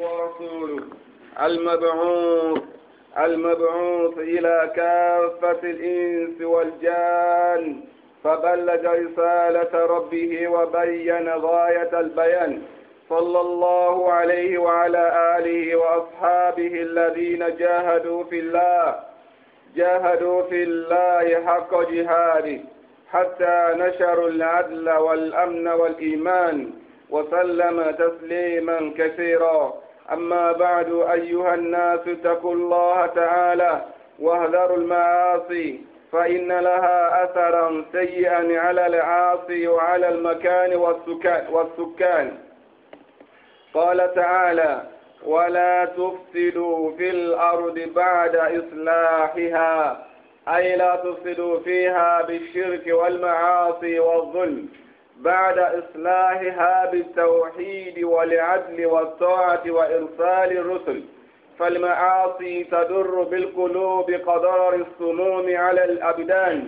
ورسوله المبعوث المبعوث إلى كافة الإنس والجان فبلغ رسالة ربه وبين غاية البيان صلى الله عليه وعلى آله وأصحابه الذين جاهدوا في الله جاهدوا في الله حق جهاده حتى نشروا العدل والأمن والإيمان وسلم تسليما كثيرا أما بعد أيها الناس اتقوا الله تعالى واهذروا المعاصي فإن لها أثرا سيئا على العاصي وعلى المكان والسكان, قال تعالى ولا تفسدوا في الأرض بعد إصلاحها أي لا تفسدوا فيها بالشرك والمعاصي والظلم بعد إصلاحها بالتوحيد والعدل والطاعة وإرسال الرسل فالمعاصي تضر بالقلوب قدر السموم على الأبدان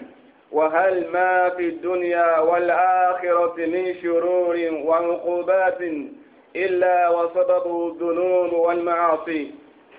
وهل ما في الدنيا والآخرة من شرور وعقوبات إلا وسببه الذنوب والمعاصي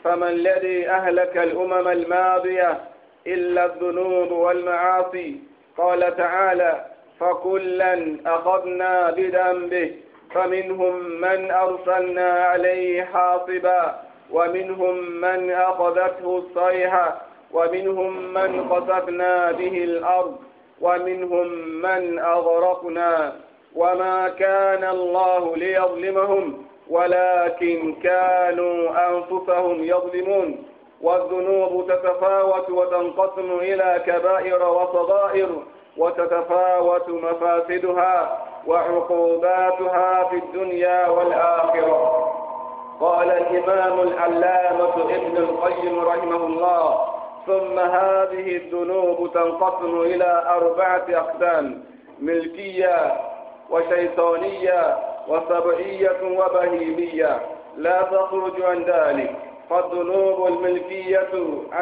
فما الذي أهلك الأمم الماضية إلا الذنوب والمعاصي قال تعالى فكلا أخذنا بذنبه فمنهم من أرسلنا عليه حاصبا ومنهم من أخذته الصيحة ومنهم من خسفنا به الأرض ومنهم من أغرقنا وما كان الله ليظلمهم ولكن كانوا أنفسهم يظلمون والذنوب تتفاوت وتنقسم إلى كبائر وصغائر وتتفاوت مفاسدها وعقوباتها في الدنيا والآخرة قال الإمام العلامة ابن القيم رحمه الله ثم هذه الذنوب تنقسم إلى أربعة أقسام ملكية وشيطانية وسبعية وبهيمية لا تخرج عن ذلك فالذنوب الملكية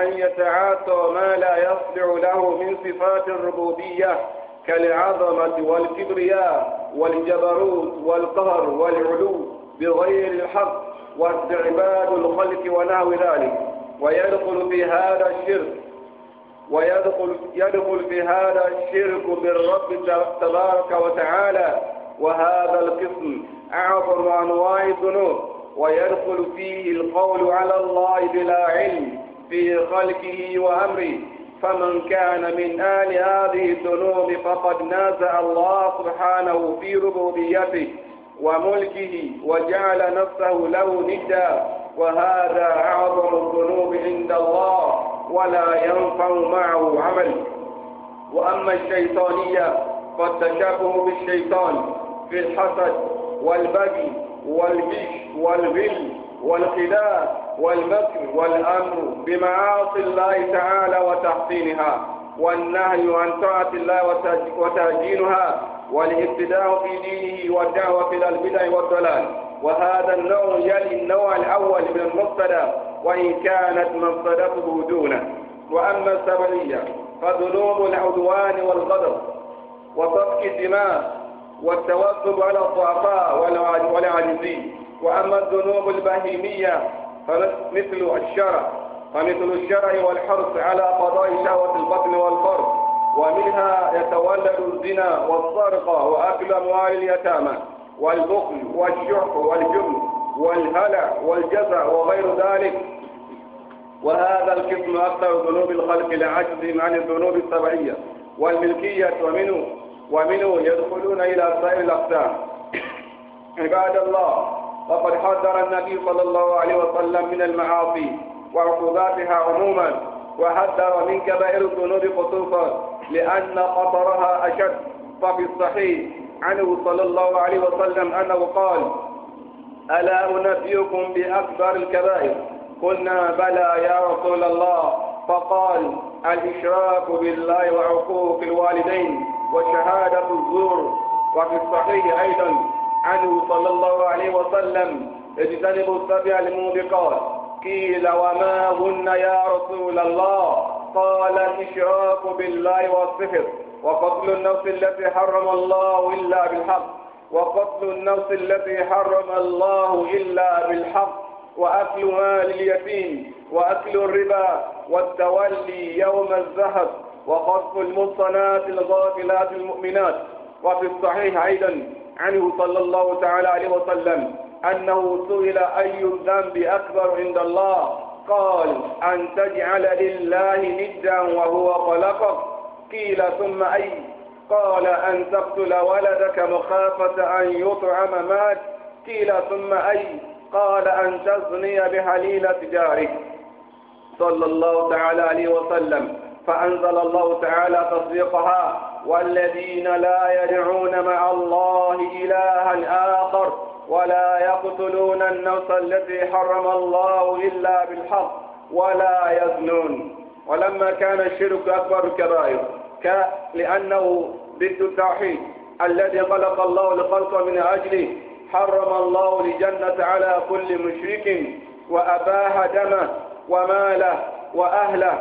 أن يتعاطى ما لا يصلح له من صفات الربوبية كالعظمة والكبرياء والجبروت والقهر والعلو بغير الحق واستعباد الخلق ونحو ذلك ويدخل في هذا الشرك ويدخل يدخل في هذا الشرك بالرب تبارك وتعالى وهذا القسم أعظم أنواع الذنوب ويدخل فيه القول على الله بلا علم في خلقه وأمره فمن كان من آل هذه الذنوب فقد نازع الله سبحانه في ربوبيته وملكه وجعل نفسه له ندا وهذا أعظم الذنوب عند الله ولا ينفع معه عمل وأما الشيطانية فالتشابه بالشيطان في الحسد والبغي والغش والغل والخداع والمكر والأمر بمعاصي الله تعالى وتحصينها والنهي عن طاعة الله وتهجينها والابتداء في دينه والدعوة إلى البدع والضلال وهذا النوع يلي النوع الأول من المبتدأ وإن كانت مبتدأته دونه وأما السببيه فذنوب العدوان والغضب وسفك الدماء والتوسل على الضعفاء والعاجزين وأما الذنوب البهيمية فمثل الشرع فمثل الشرع والحرص على قضاء شهوة البطن والفرد ومنها يتولد الزنا والصرقة وأكل أموال اليتامى والبخل والشح والجبن والهلع والجزع وغير ذلك وهذا القسم أكثر ذنوب الخلق لعجزهم عن الذنوب السبعية والملكية ومنه ومنه يدخلون إلى سائر الأقسام عباد الله وقد حذر النبي صلى الله عليه وسلم من المعاصي وعقوباتها عموما وحذر من كبائر الذنوب خصوصا لأن خطرها أشد ففي الصحيح عنه صلى الله عليه وسلم أنه قال ألا أنبئكم بأكبر الكبائر قلنا بلى يا رسول الله فقال الإشراك بالله وعقوق الوالدين وشهادة الزور وفي الصحيح أيضا عنه صلى الله عليه وسلم اجتنبوا السبع الموبقات قيل وما هن يا رسول الله قال الإشراك بالله والصفر وقتل النفس التي حرم الله إلا بالحق وقتل النفس التي حرم الله إلا بالحق وأكل مال اليتيم وأكل الربا والتولي يوم الزهد وخصف المصنات الغافلات المؤمنات وفي الصحيح أيضا عنه صلى الله تعالى عليه وسلم أنه سئل أي الذنب أكبر عند الله قال أن تجعل لله ندا وهو خلقك قيل ثم أي قال أن تقتل ولدك مخافة أن يطعم مات قيل ثم أي قال أن تزني بحليلة جارك صلى الله تعالى عليه وسلم فأنزل الله تعالى تصديقها والذين لا يدعون مع الله إلها آخر ولا يقتلون النفس التي حرم الله إلا بالحق ولا يزنون ولما كان الشرك أكبر الكبائر لأنه ضد التوحيد الذي خلق الله لخلقه من أجله حرم الله الجنة على كل مشرك وأباه دمه وماله وأهله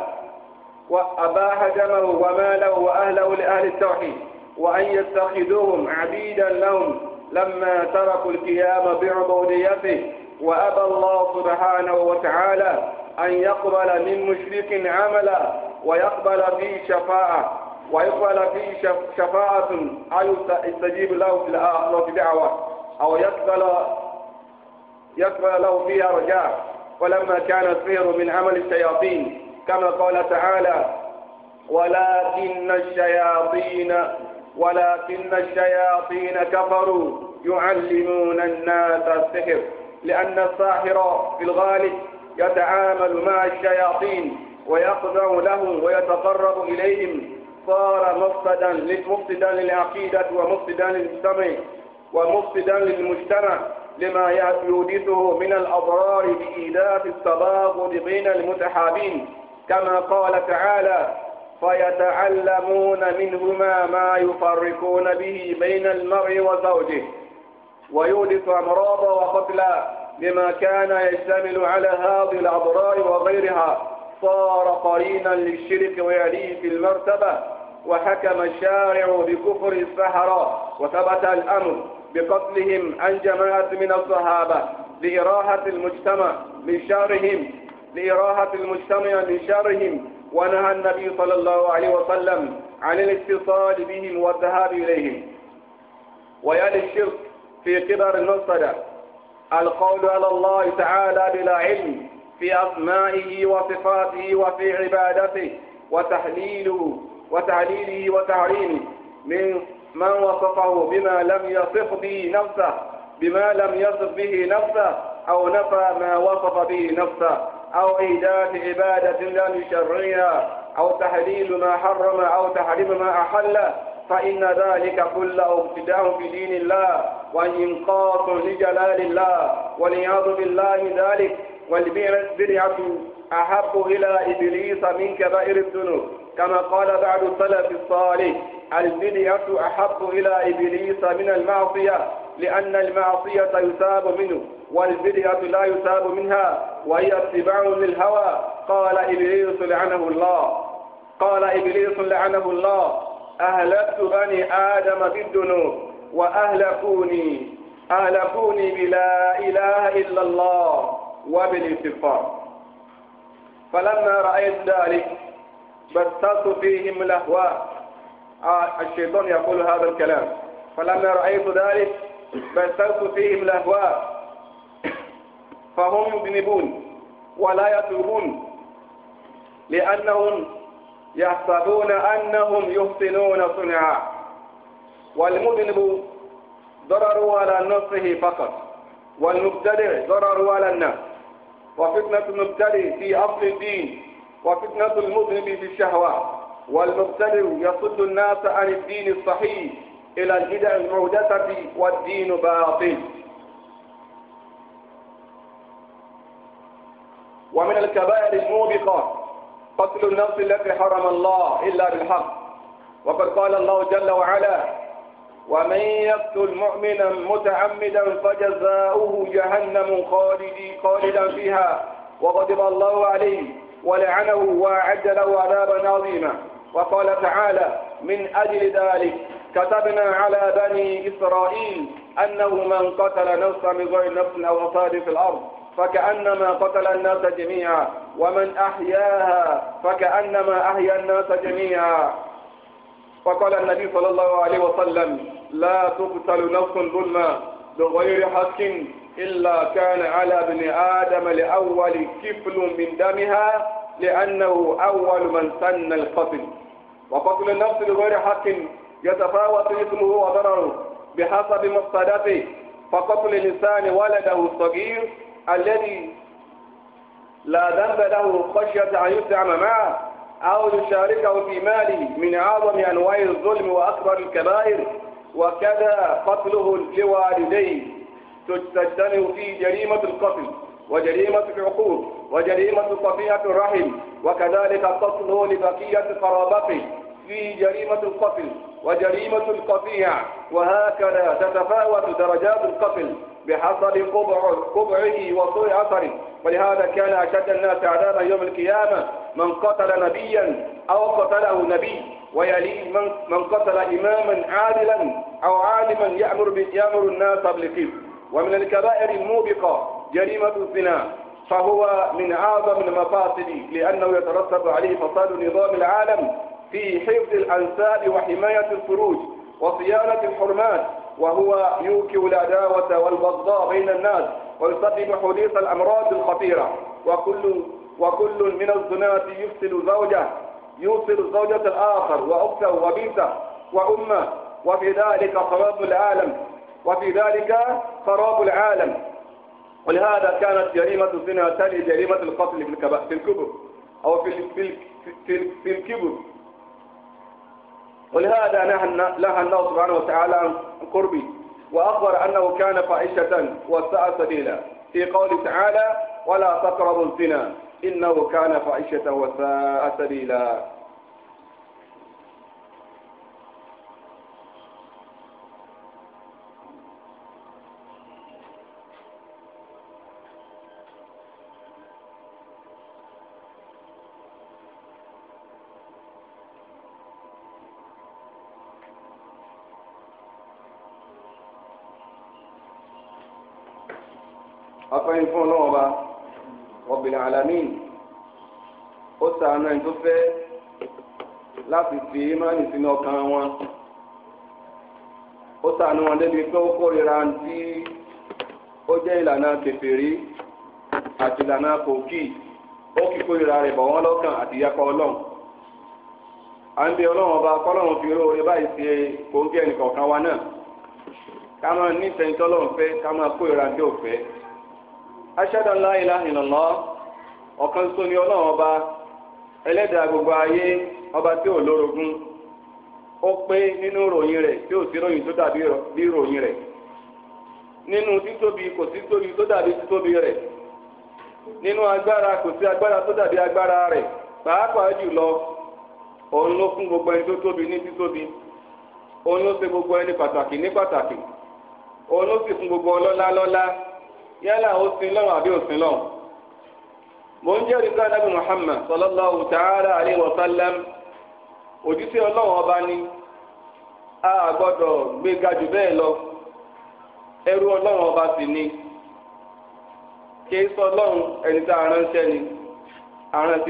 وأباح دمه وماله وأهله لأهل التوحيد وأن يتخذوهم عبيدا لهم لما تركوا القيام بعبوديته وأبى الله سبحانه وتعالى أن يقبل من مشرك عملا ويقبل فيه شفاعة ويقبل فيه شفاعة أي يستجيب له في الآخرة دعوة أو يقبل يقبل له فيها رجاء ولما كان السحر من عمل الشياطين كما قال تعالى ولكن الشياطين ولكن الشياطين كفروا يعلمون الناس السحر لأن الساحر في الغالب يتعامل مع الشياطين ويخضع لهم ويتقرب إليهم صار مفسدا مفسدا للعقيدة ومفسدا للمجتمع ومفسدا للمجتمع لما يحدثه من الأضرار بإيداف التباغض بين المتحابين كما قال تعالى فيتعلمون منهما ما يفرقون به بين المرء وزوجه ويولد أمراضا وقتلا بما كان يشتمل على هذه الأضرار وغيرها صار قرينا للشرك ويليه في المرتبة وحكم الشارع بكفر السحرة وثبت الأمر بقتلهم عن جماعة من الصحابة لإراحة المجتمع من شرهم لإراحة المجتمع من شرهم ونهى النبي صلى الله عليه وسلم عن الاتصال بهم والذهاب إليهم ويلي الشرك في كبر المصدر القول على الله تعالى بلا علم في أسمائه وصفاته وفي عبادته وتحليله وتعليله وتعريمه من من وصفه بما لم يصف به نفسه بما لم يصف به نفسه أو نفى ما وصف به نفسه أو إيداء عبادة لا نشرعها أو تحليل ما حرم أو تحريم ما أحل فإن ذلك كله ابتداء في دين الله وإنقاص لجلال الله والعياذ بالله ذلك والبدعة أحب إلى إبليس من كبائر الذنوب كما قال بعض السلف الصالح البدعة أحب إلى إبليس من المعصية لأن المعصية يثاب منه والبدعة لا يثاب منها وهي اتباع للهوى قال إبليس لعنه الله قال إبليس لعنه الله أهلكت بني آدم بالذنوب وأهلكوني أهلكوني بلا إله إلا الله وبالاستغفار فلما رأيت ذلك بثت فيهم الأهواء آه، الشيطان يقول هذا الكلام فلما رأيت ذلك بثت فيهم الأهواء فهم مذنبون ولا يتوبون لأنهم يحسبون أنهم يحسنون صنعا والمذنب ضرر على نفسه فقط والمبتدع ضرر على الناس وفتنة المبتدع في أصل الدين وفتنة المذنب في الشهوة والمبتدع يصد الناس عن الدين الصحيح إلى البدع المعدة والدين باطل ومن الكبائر الموبقة قتل النفس التي حرم الله إلا بالحق وقد قال الله جل وعلا ومن يقتل مؤمنا متعمدا فجزاؤه جهنم خالدا فيها وغضب الله عليه ولعنه وأعد له عذابا عظيما وقال تعالى من أجل ذلك كتبنا على بني إسرائيل أنه من قتل نفسا بغير نفس أو فساد في الأرض فكأنما قتل الناس جميعا ومن أحياها فكأنما أحيا الناس جميعا فقال النبي صلى الله عليه وسلم لا تقتل نفس ظلما بغير حق إلا كان على ابن آدم لأول كفل من دمها لأنه أول من سن القتل وقتل النفس بغير حق يتفاوت اسمه وضرره بحسب مقتدته فقتل الإنسان ولده الصغير الذي لا ذنب له خشية أن يسلم معه أو يشاركه في ماله من أعظم أنواع الظلم وأكبر الكبائر وكذا قتله لوالديه تجتمع فيه جريمة القتل وجريمة العقوق وجريمة قطيعة الرحم وكذلك قتله لبقية قرابته في جريمة القتل وجريمة القطيع وهكذا تتفاوت درجات القتل بحصل قبع قبعه وطول أثره ولهذا كان أشد الناس عذابا يوم القيامة من قتل نبيا أو قتله نبي ويليه من, من قتل إماما عادلا أو عالما يأمر يأمر الناس بالقسط ومن الكبائر الموبقة جريمة الزنا فهو من أعظم المفاسد لأنه يترتب عليه فساد نظام العالم في حفظ الأنساب وحماية الفروج وصيانة الحرمات وهو يوكي العداوة والبغضاء بين الناس ويسبب حديث الأمراض الخطيرة وكل وكل من الزناة يفسد زوجه يوصل زوجة الآخر وأخته وبنته وأمه وفي ذلك خراب العالم وفي ذلك خراب العالم ولهذا كانت جريمة الزنا تلي جريمة القتل في الكبر أو في في الكبر ولهذا نهى الله سبحانه وتعالى عن قربه وأخبر أنه كان فاحشة وساء سبيلا في قوله تعالى ولا تقربوا الزنا إنه كان فاحشة وساء سبيلا ní fún ọlọ́run ọba Rabbil alamin ó sa ẹni tó fẹ́ láti fi imáàlì sínú ọkàn wọn ó sàánú wọn débi pé ó kórìíra tí ó jẹ́ ìlànà kèfèrí àti ìlànà kòkì ó kí kórìíra rẹ̀ bọ̀ wọ́n lọ́kàn àti ìyapa ọlọ́run à ń bẹ ọlọ́run ọba kọ́lọ́run fi oore báyìí ṣe kòńgẹ́ ẹnì kọ̀ọ̀kan wa náà ká máa nífẹ̀ẹ́ tọ́lọ́run fẹ́ ká máa kórìíra tí aṣáájú ńlá ilaha ọ̀kan ṣoṣo ni ọlọ́run ọba ẹlẹ́dàá gbogbo ayé ọba tí ò lórogún ó pé nínú ròyìn rẹ̀ tí ò sí ròyìn tó dàbí ròyìn rẹ̀ nínú títóbi kò sí tóbi tó dàbí títóbi rẹ̀ nínú agbára kò sí agbára tó dàbí agbára rẹ̀ pàápàá jùlọ òun ló fún gbogbo ẹni tó tóbi ní títóbi òun ló ṣe gbogbo ẹni pàtàkì ní pàtàkì òun yálà ó sin lọ́wọ́ àbí ó sin lọ́wọ́ mo ń jẹ́rìí ká nábì Muhammad sallallahu ta'ala alayhi wa ọlọ́wọ́ ọba ni a gbọ́dọ̀ gbé ga jù bẹ́ẹ̀ lọ ẹrú ọlọ́wọ́ ọba sì ni kí sọ ẹni tá a ránṣẹ́ ni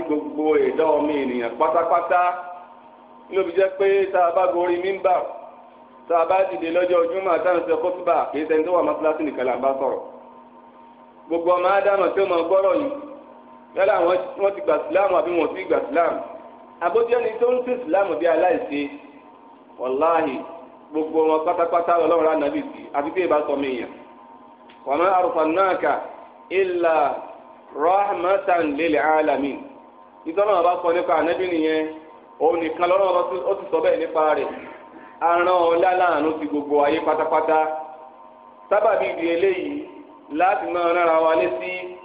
gbogbo ẹ̀dá ènìyàn pátápátá pé tá a bá gorí mímbà tá a gbogbo ọmọ ádámà tí ó máa yìí yálà wọ́n ti gba silamu àbí wọ́n ti gbà sílámù àbójú ẹni tó ń sí gbogbo wọn pátápátá ọlọ́run ma arsalnaka illa rahmatan lil ìtọ́nà ọba sọ nípa ànábì nìyẹn òun nìkan lọ́rọ̀ ó ti sọ bẹ́ẹ̀ nípa rẹ̀ aràn ti gbogbo ayé pátápátá sábàbí ìdí láti máa rárá wa sí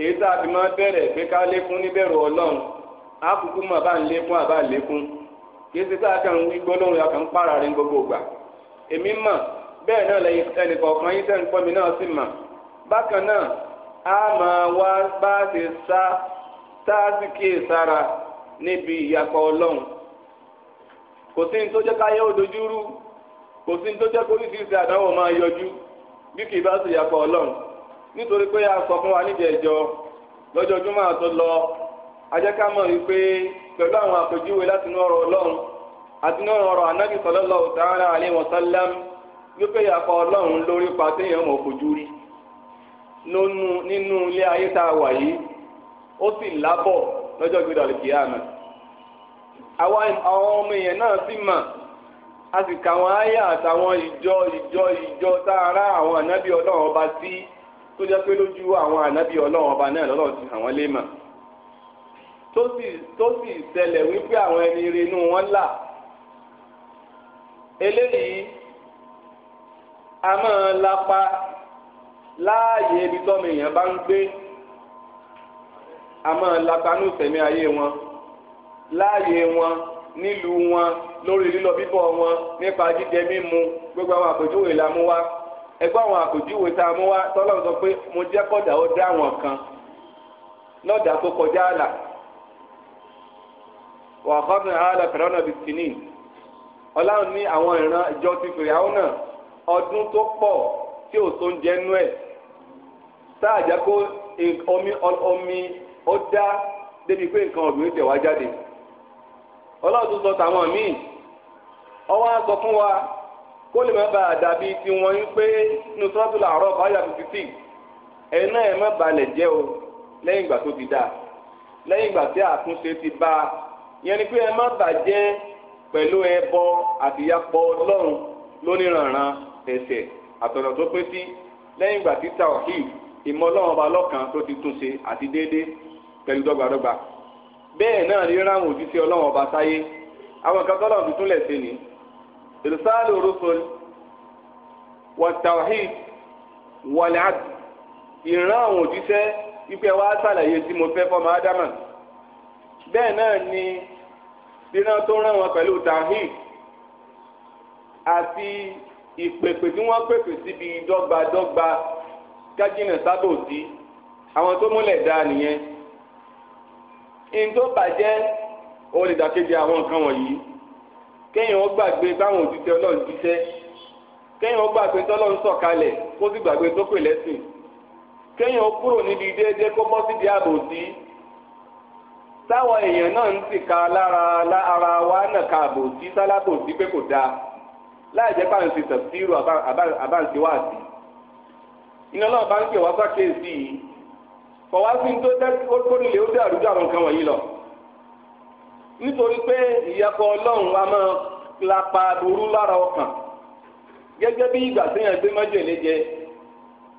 èyí tá a fi máa bẹ̀rẹ̀ pé ká lékún níbẹ̀rù ọlọ́run á kúkú bá ń lékún àbá lékún kí ṣe tá a wí ń pààrà rẹ̀ gbogbo ìgbà èmi mọ̀ bẹ́ẹ̀ náà lẹ́yìn ẹnìkọ̀ọ̀kan yín tẹ́ǹpọ́ mi náà sì mọ̀ bákan náà a máa wá bá a ṣe sá tá a sára níbi ọlọ́run kò bí kì í bá sì yàpọ̀ ọlọ́run nítorí pé a sọ fún wa níbi ẹ̀jọ lọ́jọ́júmọ́ àtó lọ ajẹ́kámọ̀ wípé pẹ̀lú àwọn àpèjúwe láti inú ọ̀rọ̀ ọlọ́run àti inú ọ̀rọ̀ anábì sallallahu ta'ala alaihi wa sallam wípé yàpọ̀ ọlọ́run lórí pàṣẹ yẹn mọ̀ fojú rí nínú ilé ayé tá a wà yìí ó sì lábọ̀ lọ́jọ́ gbé dàlùkì àmì àwọn ọmọ èèyàn náà sì mà a sì kà wọ́n áyà àtàwọn ìjọ ìjọ ìjọ tá a rá àwọn ànábì ọlọ́run ọba sí tó jẹ́ pé lójú àwọn ànábì ọlọ́run ọba náà lọ́lọ́run ti hàn wọ́n lé mà tó sì tó sì ṣẹlẹ̀ wípé àwọn ẹni ire inú wọn là eléyìí a máa lapa láàyè ibi tọ́mọ èèyàn bá ń gbé a máa lapa ní ìfẹ̀mí ayé wọn láàyè wọn nílùú wọn lórí lílọ bíbọ̀ wọn nípa jíjẹ mímu gbogbo àwọn àpèjúwe la mú wá ẹgbẹ́ àwọn àpèjúwe tá a mú wá tọ́lọ́run sọ pé mo jẹ́ kọ́dà ó dá àwọn kan lọ́dà tó kọjá àlà wà á kọ́sìn àlà fẹ̀rọ̀nà bíi tìní ọlọ́run ní àwọn ìran ìjọ ti fèrè àwọn náà ọdún tó pọ̀ tí ò tó ń jẹ́nu ẹ̀ sáàjà kó omi ó dá débi pé nǹkan ọ̀gbìn tẹ̀ wá jáde ọlọ́run sọ tàwọn míì ọwọ́ á sọ fún wa kó lè má bàa dàbí tí wọ́n ń pé nínú sọ́tùlà àárọ̀ báyà fifty six ẹ̀ náà ẹ̀ má balẹ̀ jẹ́ o lẹ́yìn ìgbà tó ti dáa lẹ́yìn ìgbà tí àtúnṣe ti bá a yẹn ni pé ẹ má bàjẹ́ pẹ̀lú ẹbọ àtìyapọ̀ ọlọ́run lóníranran ẹ̀ṣẹ̀ àtọ̀nà tó pé sí lẹ́yìn ìgbà tí tàwọ̀hìn ìmọ̀ ọlọ́run ọba lọ́kan tó ti túnṣe àti déédéé pẹ̀lú dọ́gbadọ́gba bẹ́ẹ̀ náà ní ráwọn òjíṣẹ́ ọlọ́run ọba sáyé àwọn kan tọ́lọ̀ tuntun lẹ̀ sí ni ìrìsáàlù rusul wàtàwáhìd wàlẹ́àd ìran àwọn òjíṣẹ́ ipe wa ṣàlàyé tí mo fẹ́ fọmọ ádámà bẹ́ẹ̀ náà ni ríran tó rán wọn pẹ̀lú tawhid àti ìpèpè tí wọ́n pèpè síbi dọ́gbadọ́gba kájínà sábòsí àwọn tó múlẹ̀ dáa nìyẹn ntó bàjẹ́ òun lè dàkejì àwọn nǹkan wọ̀nyí kéèyàn ó gbàgbé báwọn òjíṣẹ́ ọlọ́run jíṣẹ́ kéèyàn ó gbàgbé tọ́lọ́run sọ̀kalẹ̀ kó sì gbàgbé tó pè lẹ́sìn kéèyàn ó kúrò níbi déédéé kó bọ́ síbi ààbò sí táwọn èèyàn náà ń tìka lára ara wa nàka ààbò sí sálábò sí pé kò dáa láì jẹ́ pàǹsì tafsiru àbáǹsì wáàsí iná náà bá ń pè wá sákèésí yìí kọ̀wá sí tó kórìlè ó dé àrùjọ àwọn nǹkan wọ̀nyí lọ. nítorí pé ìyàpọ̀ ọlọ́run a máa lapa burú lára ọkàn gẹ́gẹ́ bí ìgbà téèyàn gbé májèlé jẹ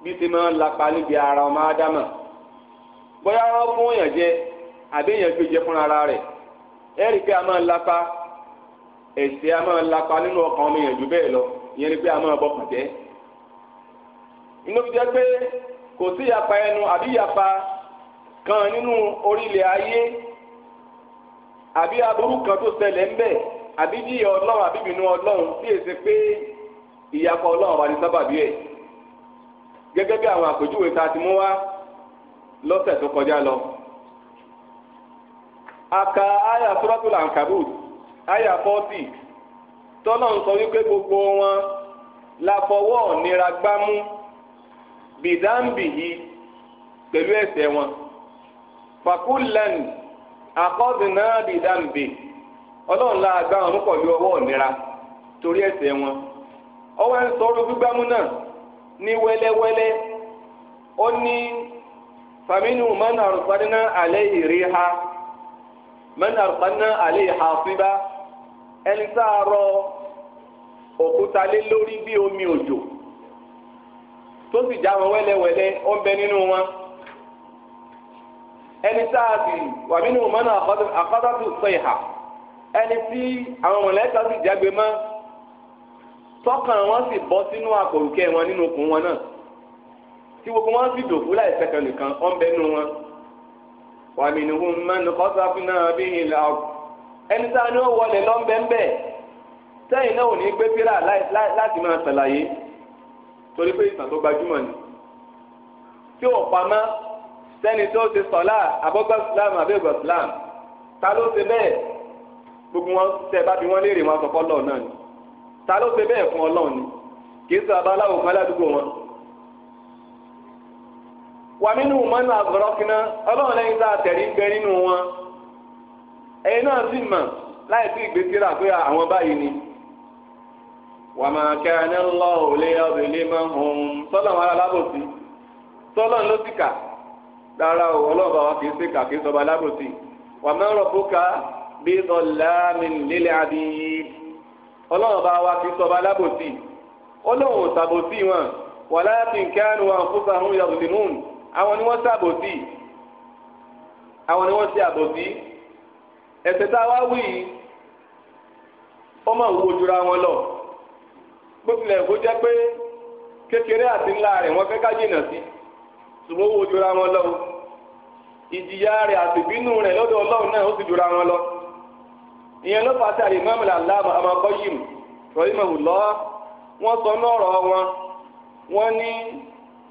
bí ti máa lapa níbi ara ọmọ ádámà bóyá wọn fún èèyàn jẹ àbí èèyàn gbé jẹ fúnra rẹ̀ ẹ̀rí pé a máa lapa ẹ̀ṣẹ̀ a máa lapa nínú ọkàn ọmọ èèyàn jù bẹ́ẹ̀ lọ ìyẹn ni pé a máa bọ̀ pàtẹ́ inú fi jẹ́ pé kò sí yapa ẹnu àbí yapa kan nínú orílẹ̀ ayé àbí aburú kan tó ṣẹlẹ̀ ń bẹ̀ àbí jíyẹ ọlọ́run àbí bínú ọlọ́run tí èsì pé ìyapa ọlọ́run wà ní sábàbí ẹ̀ gẹ́gẹ́ bí àwọn àpèjúwe tá a ti mú wá lọ́sẹ̀ tó kọjá lọ. aka aya suratul ankabut aya fọ́tì tọ́lọ́ sọ wípé gbogbo wọn la fọwọ́ nira gbámú. bìdámbìhì pẹ̀lú ẹ̀ṣẹ̀ wọn fàkúlẹ̀n àkọ́dùnà bidambi ọlọ́run la wọn pọ̀lú ọwọ́ torí ẹ̀ṣẹ̀ wọn ọwọ́ ń sọ̀rọ̀ gbígbámú náà ní wẹ́lẹ́wẹ́lẹ́ ó ní fàmínú mọ́nà àrùpàdánà alẹ́ ìrí ha mọ́nà alẹ́ ìhà ha ẹni tá a rọ òkúta omi òjò. tó sì já wọn ó nínú wọn ẹni tá wà nínú mọ́nà àkọ́tàtù sọ̀yà ẹni tí àwọn mọ̀lẹ́ta sì jágbe mọ́ tọkàn wọn sì bọ́ sínú àkòrùkẹ́ wọn nínú okùn wọn náà tí gbogbo wọn sì dòfú láì nìkan ó ń bẹ nínú wọn wà nínú bí ẹni ó wọlé sẹ́yìn náà ò ní torí pé ìtàn tó gbajúmọ̀ ni tí ò pamọ́ sẹ́ni tó ti sọ̀lá abọ́gbà Islam abẹ́gbà Islam ta ló ṣe bẹ́ẹ̀ gbogbo wọn tẹ́ bá bí wọ́n léèrè wọn sọ̀kọ́ lọ́ọ̀ náà ni ta ló ṣe bẹ́ẹ̀ fún Ọlọ́run ni kì í sọ abaláwo kan ládùúgbò wọn. wà nínú mọ́nà àgọ́rọ́kínná Ọlọ́run lẹ́yìn tá a tẹ̀rí gbẹ nínú wọn ẹ̀yin náà sì mọ̀ láì sí ìgbésí rà pé àwọn báyìí ni. وما كان الله ليظلمهم صلى الله عليه وسلم صلى الله عليه وسلم dára o ọlọ́ọ̀bà wa kìí ṣe kà kìí sọba lábòsí wà máa ń rọ̀bùkà bí ọ̀làmì lílẹ̀ àbíyí ọlọ́ọ̀bà wa kìí sọba lábòsí ọlọ́ọ̀hún sàbòsí wọn wà láti kánú wọn fún sàhún yàgùdìmún àwọn ni wọ́n sàbòsí àwọn ni wọ́n ṣe àbòsí ẹ̀ṣẹ̀ tá a wá wí yìí ó máa wọn lọ bó tilẹ̀ kó jẹ́ pé kékeré àti ńlá rẹ̀ wọ́n fẹ́ ká jìnà sí ṣùgbọ́n owó jura wọn lọ o ìjìyà rẹ̀ àti ìbínú rẹ̀ lọ́dọ̀ ọlọ́run náà ó sì jura wọn lọ ìyẹn ló fà á sí àlìmọ́mù làlámù amakọ́yìm rọ́ìmọ̀wù lọ́ wọ́n sọ lọ́rọ̀ wọn wọ́n ní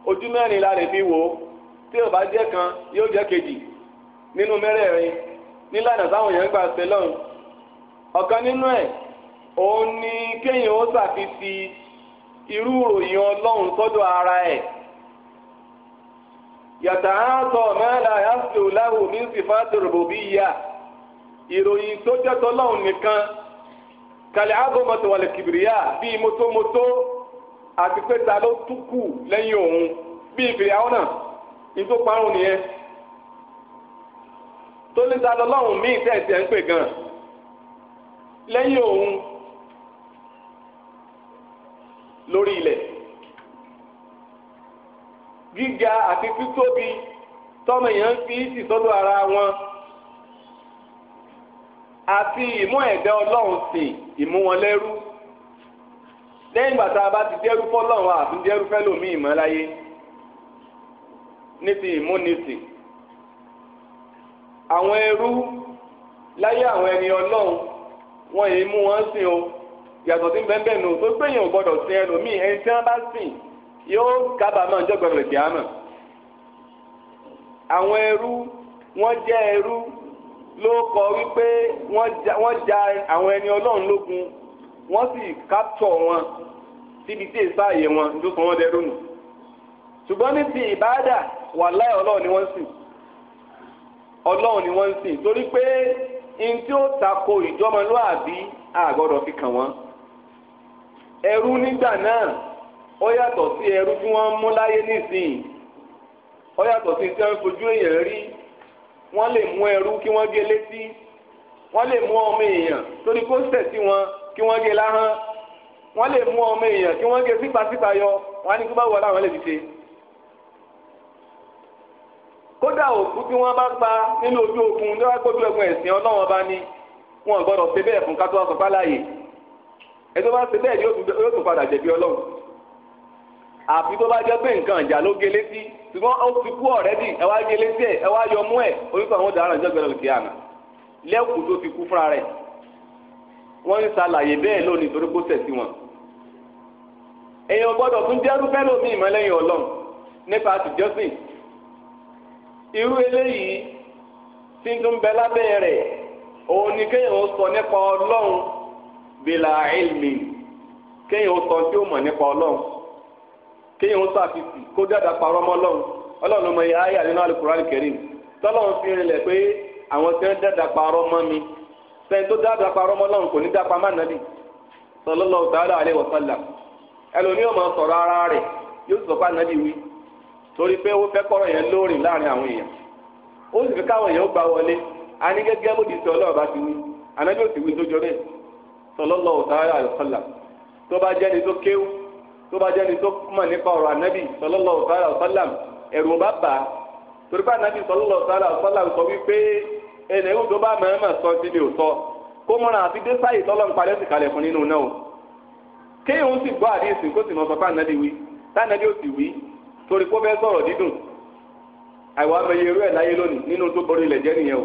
ojú mẹ́rin la lè fi wò ó tí ò bá jẹ́ kan yóò jẹ́ kejì nínú mẹ́rẹ̀ẹ̀rin nílànà táwọn èèyàn gbà sẹ́lọ̀n ọ̀kan nínú ẹ̀ òun ni kéèyàn ó ṣàfihàn irú ìròyìn ọlọ́run ara ẹ̀ yàtà á sọ mẹ́la yàtò láwù ní sífàtì rògbòbíyà ìròyìn tó jẹ́ tọ́lọ́run nìkan kàlẹ́ àgọ́mọ̀tò wàlẹ̀ kìbìrìyà bíi mọ́tòmọ́tò àti lẹ́yìn òun bíi fìyà ọ̀nà ní lórí ilẹ̀ gíga àti títóbi tọ́mọ èèyàn fi sì sọ́dọ̀ ara wọn àti ìmú ẹ̀dá ọlọ́run sìn ìmú wọn lẹ́rú lẹ́yìn ìgbà tá a bá ti dẹ́rú fọ́lọ́run àti dẹ́rú fẹ́lòmíì mọ́ láyé ní ti ìmúnisìn àwọn ẹrú láyé àwọn ẹni ọlọ́run wọn èyí mú wọn sìn o. yàtọ̀ sí bẹ́ẹ̀ nù tó gbẹ̀yìn ò gbọ́dọ̀ sin ẹlòmíì ẹni tí wọ́n bá sìn yóò kábàámọ̀ ọjọ́ gbẹ̀rẹ̀ kíámà àwọn ẹrú wọ́n jẹ́ ẹrú ló kọ wípé wọ́n ja àwọn ẹni ọlọ́run lógun wọ́n sì kápítọ̀ wọn síbi tí èsì ààyè wọn tó sọ wọ́n dẹrú nù ṣùgbọ́n ní ti ìbáàdà ọlọ́run ni wọ́n sìn ọlọ́run ni wọ́n sìn torí pé ó àgọ́dọ̀ fi kàn wọ́n. ẹrú nígbà náà ó yàtọ̀ sí ẹrú tí wọ́n mú láyé nísìnyí ó yàtọ̀ sí tí wọ́n fojú èèyàn rí wọ́n lè mú ẹrú kí wọ́n gé létí wọ́n lè mú ọmọ èèyàn torí kó sẹ̀ sí wọn kí wọ́n gé láhán wọ́n lè mú ọmọ èèyàn kí wọ́n gé sípasípa yọ wọ́n á ní kí bá wọ láwọn lè fi ṣe kódà òkú tí wọ́n bá pa nínú ojú ogun ní wọ́n á gbójú ẹ̀gbọ́n ẹ̀sìn ọlọ́wọ́n bá ní wọn gbọ́dọ̀ ṣe bẹ́ẹ̀ fún kátó ọ̀sán pálá yìí ẹni tó bá ṣe bẹ́ẹ̀ yóò tún padà jẹ̀bi ọlọ́run àfi tó bá jẹ́ pé nǹkan ìjà ló gé létí ṣùgbọ́n ó ti kú ọ̀rẹ́dì ẹ wá gé létí ẹ ẹ wá yọ mú ẹ onípa àwọn ọ̀daràn ìjọ gbẹdọ̀ kí àná lẹ́kùn tó ti kú fúnra rẹ̀ wọ́n ń ṣàlàyé bẹ́ẹ̀ lónìí torí kó tẹ̀sí wọn. èèyàn gbọ́dọ̀ tún jẹ́rú fẹ́ lómi ìmọ̀ lẹ́yìn ọlọ́run nípa àtijọ́sìn irú eléyìí tí ń tún bẹ lábẹ́ rẹ̀ òun ni kéèyàn sọ nípa ọlọ́run bila ilmi kéèyàn sọ tí ó mọ̀ nípa ọlọ́run kéèyàn sàfìsì kó dáadáa parọ́ mọ́ ọlọ́run ọlọ́run ló mọ iye ayé àdínà alukurani kẹrin tọ́lọ́run fi rinlẹ̀ pé àwọn tí wọ́n dáadáa parọ́ mọ́ mi kò ní dápa ẹlòmíì ọmọ sọ̀rọ̀ ara rẹ̀ yóò wí torí pé ó fẹ́ kọ́rọ̀ yẹn lórí láàrin àwọn èèyàn ó sì a ọlọ́ọ̀bá ti wí ò sọlọ́lọ́ ọ̀tàrà àlùfọ́là tó bá jẹ́ni tó kéwú tó bá jẹ́ni tó mọ̀ nípa ọ̀rọ̀ ànábì sọlọ́lọ́ ọ̀tàrà àlùfọ́là ẹ̀rù bá bà á torí pé ànábì sọlọ́lọ́ ọ̀tàrà àlùfọ́là sọ wípé ẹnì ìwù tó bá mọ̀ọ́mọ̀ sọ sí mi ò sọ kó mọ́ra àti dé sáyè tọ́lọ́ ń parẹ́ sì kalẹ̀ fún nínú náà kéèyàn sì gbọ́ àdéhùn kó sì mọ̀ sọ pé ànábì wí tánàbí ò sì wí torí kó fẹ́ sọ̀rọ̀ dídùn àìwá mẹyẹ ẹ̀ láyé lónìí nínú tó borí ilẹ̀ jẹ́ nìyẹn o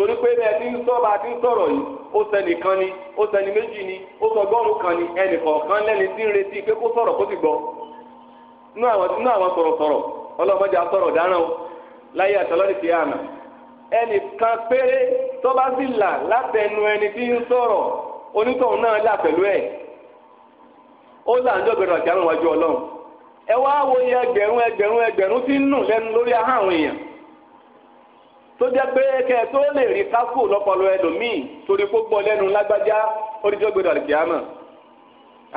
torí pé bẹ́ẹ̀ ti ń ti ń sọ̀rọ̀ yìí ó sẹ́ni kan ni ó sẹ́ni méjì ni ó sọgọ́rùn kan ni ẹnì kọ̀ọ̀kan lẹ́ni tí ń retí pé kó sọ̀rọ̀ kó sì gbọ́ nínú àwọn sọ̀rọ̀sọ̀rọ̀ ọlọ́mọdé asọ̀rọ̀ dáná o láyé àtọ́lọ́dì fi ẹnì kan péré tọ́ba sì là látẹnu ẹni tí ń sọ̀rọ̀ onítọ̀hún náà là pẹ̀lú ẹ̀ ó tó jẹ́ pé kẹ́ ẹ tó lè rí kákò lọ́pọlọ ẹlòmíì torí kó gbọ́ lẹ́nu lágbájá oríṣiríṣi gbẹdọ̀ àlìkìyàmà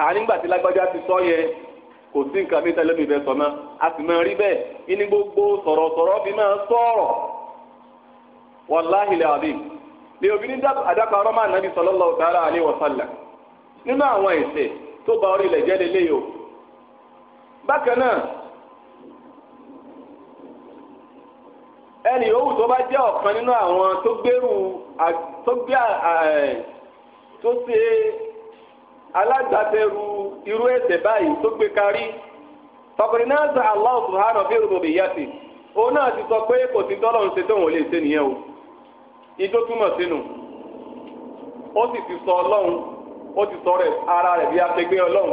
ànígbà tí lágbájá ti sọ yẹ kò sí nǹkan mi tẹ́lẹ̀ mi sọ mọ́ a sì máa rí bẹ́ẹ̀ gbogbo sọ̀rọ̀sọ̀rọ̀ fi máa sọ̀rọ̀ wàláhìlẹ̀ àbí ni obìnrin àdàkọ̀ ọ̀rọ̀ máa nàbí ẹni yòówù tó bá jẹ́ ọ̀kan nínú àwọn tó gbèrú tó gbé tó ṣe alágbàtẹrù irú ẹ̀sẹ̀ báyìí tó gbé kárí tọkùnrin náà sọ Allah subhanahu fi rògbòbí yàtì òun náà ti sọ pé kò sí tọ́lọ̀ ń ṣe tóun lè ṣe nìyẹn o ijó túmọ̀ sínú ó sì ti sọ ọlọ́run ó ti sọ ara rẹ̀ bí akẹgbẹ́ ọlọ́run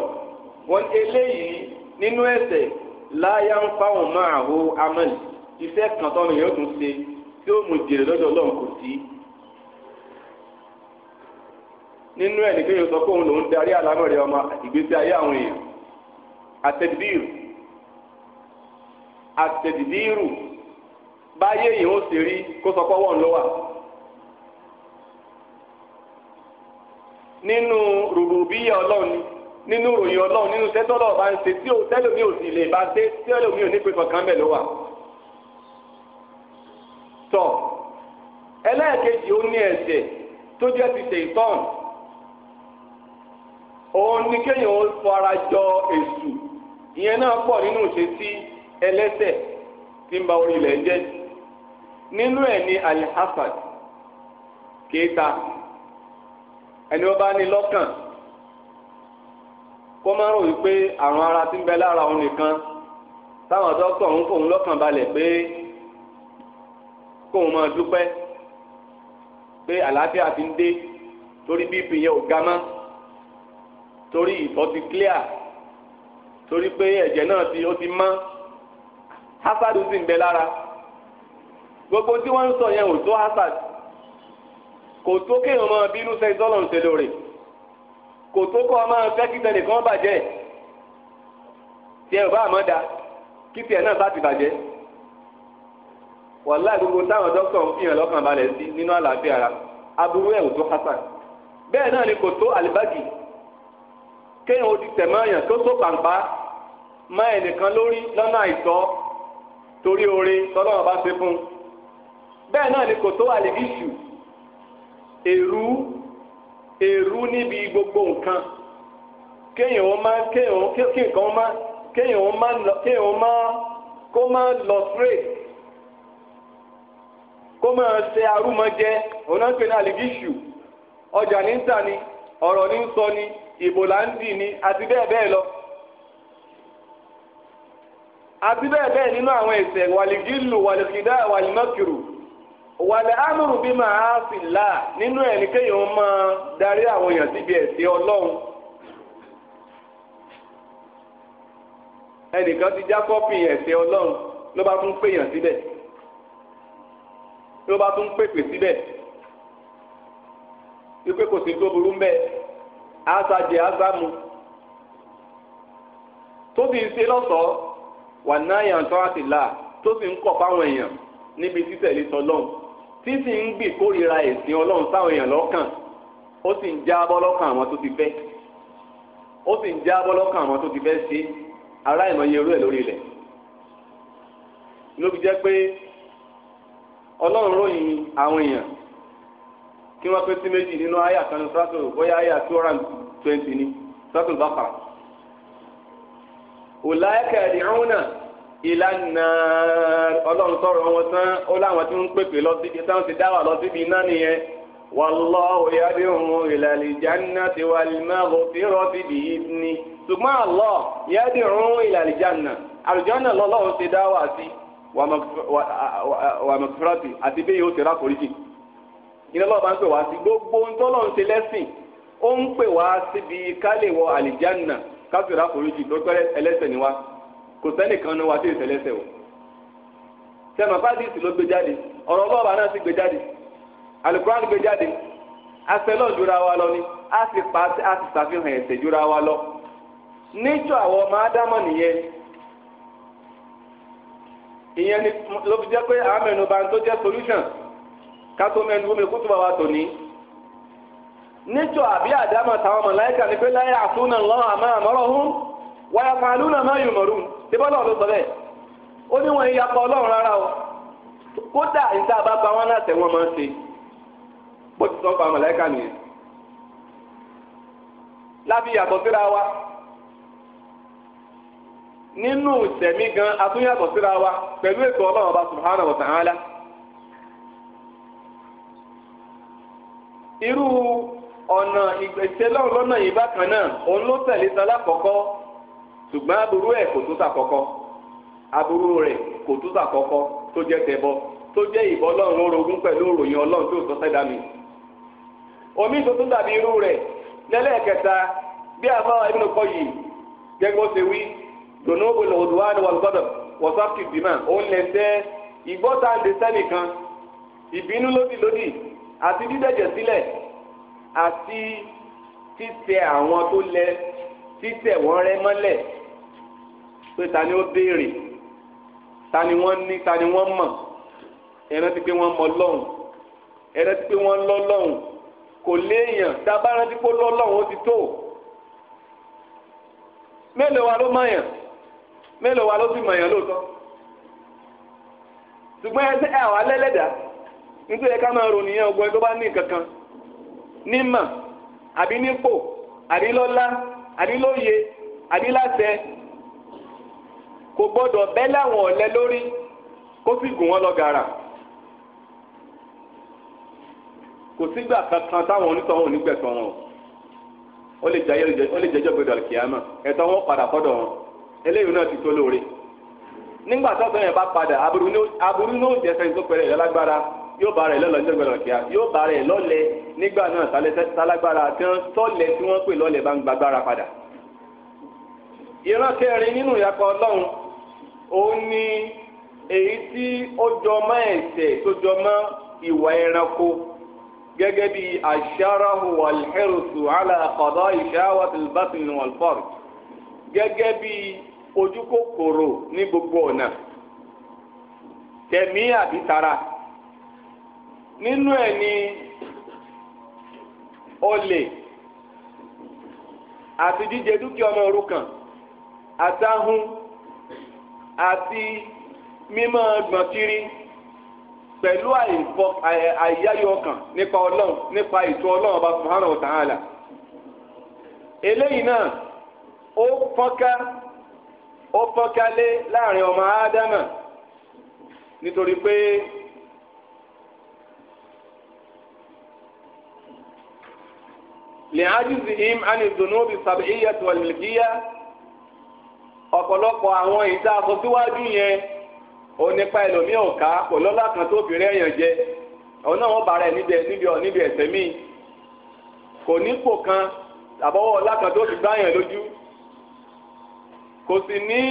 wọn eléyìí nínú ẹsẹ̀ láyà ń fáwọn máa amẹ́lì. iṣẹ́ kan tọ́mọ yẹn ó tún ṣe tí ó mú jèrè lọ́dọ̀ ọlọ́run kò sí. nínú ẹ̀ nìkan yóò sọ pé òun lòún darí àlámọ̀rẹ́ ọmọ ìgbésí ayé àwọn èèyàn àtẹ̀dìbíìrù àtẹ̀dìbíìrù báyé yìí ó sì rí kó sọ pé ọwọ́ ń lọ́wọ́ nínú rùrùbíyà ọlọ́run nínú ròyìn ọlọ́run nínú sẹ́tọ́lọ́ ọba ń ṣe tí tẹ́lómi ò sì lè bá dé tẹ́lómi ò ní pé kankan bẹ̀ tọ̀ ẹlẹ́ẹ̀kejì ó ní ẹ̀sẹ̀ tó jẹ́ ti ṣètọ́n òun ni kéèyàn ó ara jọ èsù ìyẹn náà pọ̀ nínú ìṣesí ẹlẹ́sẹ̀ tí ń ba orí jẹ́ nínú ẹ̀ ní alihafad kéta ẹni ó bá ní lọ́kàn kó má rò wípé àrùn ara ti ń bẹ lára òun nìkan táwọn dókítà fòun lọ́kàn balẹ̀ kóun máa dúpẹ́ pé àlàáfíà ti ń dé torí bp yẹn ò ga mọ́ torí ìtọ̀ ti clear torí pé ẹ̀jẹ̀ náà ti ó ti mọ́ hasadu sì ń bẹ lára gbogbo tí wọ́n ń sọ yẹn ò tó hasad kò tó kéèyàn máa bínú sẹ́yìn tọ́lọ̀ ń tẹ̀lé rẹ̀ kò tó kọ́ ọmọ fẹ́ kí tẹ̀lé kan bàjẹ́ tiẹ̀ ò bá àmọ́ da kí tiẹ̀ náà bá ti bàjẹ́ wàhálà gbogbo táwọn dókítà ń fihàn lọ́kàn balẹ̀ sí nínú àlàáfíà ara aburú ẹ̀ ò tó hasan bẹ́ẹ̀ náà ni kò tó àlìbágì kéèyàn ó di tẹ̀mọ́ọ̀yàn tó tó pàǹpá mọ́ ẹnìkan lórí lọ́nà àìtọ́ torí oore tọ́lọ́wọ́n bá ṣe fún un bẹ́ẹ̀ náà ni kò tó àlìbíṣù èrú èrú níbi gbogbo nǹkan kéèyàn ó má kéèyàn ó kí nǹkan ó má kéèyàn ó má kó má lọ straight. kó máa ṣe arúmọjẹ onáńpẹ ọjà ní ń tà ni ọ̀rọ̀ ní ń ni ìbò là ń dì ni àti bẹ́ẹ̀ bẹ́ẹ̀ lọ àti bẹ́ẹ̀ bẹ́ẹ̀ nínú àwọn ẹ̀ṣẹ̀ wàlìgílù wàlìkìdá wàlìmọ́kìrù wàlẹ̀ amúrù bí màá sì là nínú ẹ̀ ní kéèyàn darí àwọn èèyàn síbi ọlọ́run ẹnìkan tí ó bá tún pèpè síbẹ̀ wípé kò sí tó burú mbẹ́ tó sì ń ṣe lọ́sọ̀ọ́ wà náà yàn tó àti là tó sì ń kọ̀ fáwọn èèyàn tí sì ń gbì kórìíra ẹ̀sìn ọlọ́run sáwọn èèyàn lọ́kàn ó ti fẹ́ ó sì àwọn tó ti fẹ́ ọlọ́run ròyìn àwọn èèyàn kí wọ́n pé sí méjì nínú àyà kan sọ́tò bóyá àyà two hundred and twenty ni sọ́tò bá pa. ọ̀làyàkà ìrún náà ìlànà ọlọ́run sọ̀rọ̀ wọn tán ó láwọn tí ń pèpè lọ síbi táwọn ti dáwà lọ síbi iná nìyẹn wàlláhu yad'u ila al-jannati wal maghfirati bi idni ṣùgbọ́n Allah yad'u ila al-janna àlùjánná lọ́lọ́run ti dáwà sí wàmọ̀fúrọ́tì àti bẹ́ẹ̀ yóò tẹ̀rọ àforíjì iná lọ́wọ́ bá ń pè wá sí gbogbo ohun tó lọ́n ṣe lẹ́sìn ó ń pè wá síbi ká lè wọ àlìjánà ká tẹ̀rọ àforíjì tó pẹ́ ẹlẹ́sẹ̀ ni wá kò sẹ́nìkan ní wa tí èsì ẹlẹ́sẹ̀ wọ̀ sẹ́nu àbádìsì ló gbé jáde ọ̀rọ̀ ọlọ́ọ̀bà náà sì gbé jáde alukuran gbé jáde asẹ́lọ̀ jura wa lọ ni a sì pa a sì ṣàfihàn ẹ̀sẹ̀ jura wa lọ níjọ́ àwọn ọmọ ádámọ̀ nìyẹn ìyẹn ni ló fi jẹ́ pé àmẹ́nu bá ń tó jẹ́ solution kátó mẹ́nu omi kútu bá wa tò ní. níjọ àbí àdámọ̀ táwọn mọ̀láìkà ni pé láyé àtúnà lọ́n àmọ́ àmọ́rọ̀ hún wáyà pàálù náà má yùn mọ̀rún tí bọ́lá ọ̀dọ́ sọ bẹ́ẹ̀ ó ní wọn ìyapa ọlọ́run rárá o kódà ìta bá pa wọn náà tẹ̀wọ́n máa ń ṣe bó ti sọ fún àwọn mọ̀láìkà nìyẹn lábí yàtọ̀ síra wa. nínú ìsẹ̀mí gan atúnyàtọ̀ síra wa pẹ̀lú ètò ọlọ́run ọba subhanahu wa ta'ala. irú ọ̀nà ìgbésẹ̀lọ́run lọ́nà yìí bákan náà òun ló tẹ̀lé sálá kọ̀kọ́ ṣùgbọ́n aburú ẹ̀ kò tó kọ́kọ́ aburú rẹ̀ kò tó kọ́kọ́ tó jẹ́ tẹ̀bọ tó jẹ́ ìbọ̀ ọlọ́run pẹ̀lú òròyìn ọlọ́run tó donobo le ni wọ́n gbọ́dọ̀ wọ́sáàpì bímọ òun lè ṣe ìgbọ́ta lè sẹ́nìkan ìbínú lódì lódì àti dídẹ̀jẹ̀ sílẹ̀ àti títẹ àwọn tó lẹ títẹ wọn rẹ mọ́lẹ̀ pé ta ni ó béèrè ta ni wọ́n ní ta ni wọ́n mọ̀ ẹran ti pé wọ́n mọ lọ́hùn ẹran ti pé wọ́n lọ́ lọ́hùn kò léèyàn tá a bá rántí pé ó lọ́ lọ́hùn ó ti tó mélòó wa ló mọ̀ yàn. mélòó wa ló fi mọ̀ yàn lóòótọ́ ṣùgbọ́n ẹ sẹ́ àwọn alẹ́lẹ́dà nítorí ká máa ronú yẹn ọgbọ́n tó bá ní kankan kan àbí nípò àbí lọ́lá àbí lóye àbí láṣẹ kò gbọdọ̀ bẹ́ láwọn lórí kó sì gùn lọ gàrà kò sígbà kankan táwọn onítọ̀hún onígbẹ̀tọ̀ wọn ó lè jẹ́jọ́ gbẹdọ̀ ẹ̀tọ́ wọn padà fọ́dọ̀ wọn. eléyìí náà ti tó lóore nígbà tó bẹ́ẹ̀ bá padà aburú ní oúnjẹ sẹ́yìn tó pẹ̀lẹ́ lágbára yóò bá rẹ̀ lọ́lọ́ nígbàgbọ́n kíá yóò bá rẹ̀ lọ́lẹ̀ nígbà náà sálágbára tán tọ́lẹ̀ tí wọ́n pè lọ́lẹ̀ bá ń gbàgbára padà. ìran kẹrin nínú ìyàpọ̀ ọlọ́run òun ni èyí tí ó jọ mọ́ ẹ̀ṣẹ̀ tó jọ mọ́ ìwà ẹranko gẹ́gẹ́ bí aṣárahu wàlhẹ́rùsù gẹ́gẹ́ bí ojú kòkòrò ní gbogbo ọ̀nà tẹ̀mí àbí tara nínú ẹ̀ ni olè àti jíjẹ dúkìá ọmọ òrukàn àtàhùn àti mímọ́ gbọ̀n kiri pẹ̀lú àìyáyọ̀ ọkàn nípa ọlọ́run nípa ètò ọlọ́run ọba subhanahu wa ta'ala eléyìí náà ó fọ́nká ó fọ́nkálé láàrin ọmọ ádámà nítorí pé lẹ́hájúsì im anizunubi sàbíyà tùwàlìkíyà ọ̀pọ̀lọpọ̀ àwọn ìta àkọsíwájú yẹn onípa ẹlòmíì ọ̀ká kò kan tó bìrẹ̀ èèyàn jẹ ọ̀nà wọn bàrà ẹ̀ níbi ẹ̀sẹ̀ míì kò ní kan ọ̀lá kan tó fi gbáyàn lójú. kò sì ní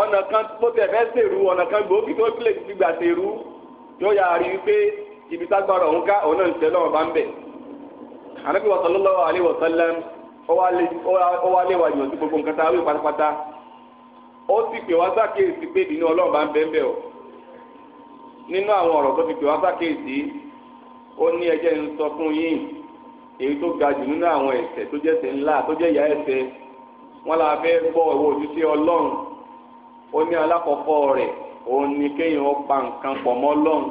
ọ̀nà kan tó tẹ̀ fẹ́ ṣèrú ọ̀nà kan gbòógì tó lè gbígbà ṣèrú yóò yára rí wípé ibi tágbára òun ká òun náà ń tẹ́lọ̀ ọba ń bẹ̀. ànábì sallallahu alaihi wasallam ó wá léwà jùlọ sí gbogbo nǹkan tá a wí pátápátá ó sì pè wá sákèésí pé ìdí náà ọlọ́run bá ń bẹ́ ń bẹ̀ ọ́ nínú àwọn ọ̀rọ̀ tó fi pè wá sákèésí ó ní ẹjẹ́ ń sọ fún yín èyí tó ga jù nínú àwọn ẹ̀ṣẹ̀ tó jẹ́ ẹ̀ṣẹ̀ ńlá tó jẹ́ ìyá ẹ̀ṣẹ̀ wọn là fẹ́ gbọ́ ìwọ ojúṣe ọlọ́run ó ní alákọ̀ọ́kọ́ rẹ̀ òun ni kéèyàn ó pa nǹkan pọ̀ mọ́ ọlọ́run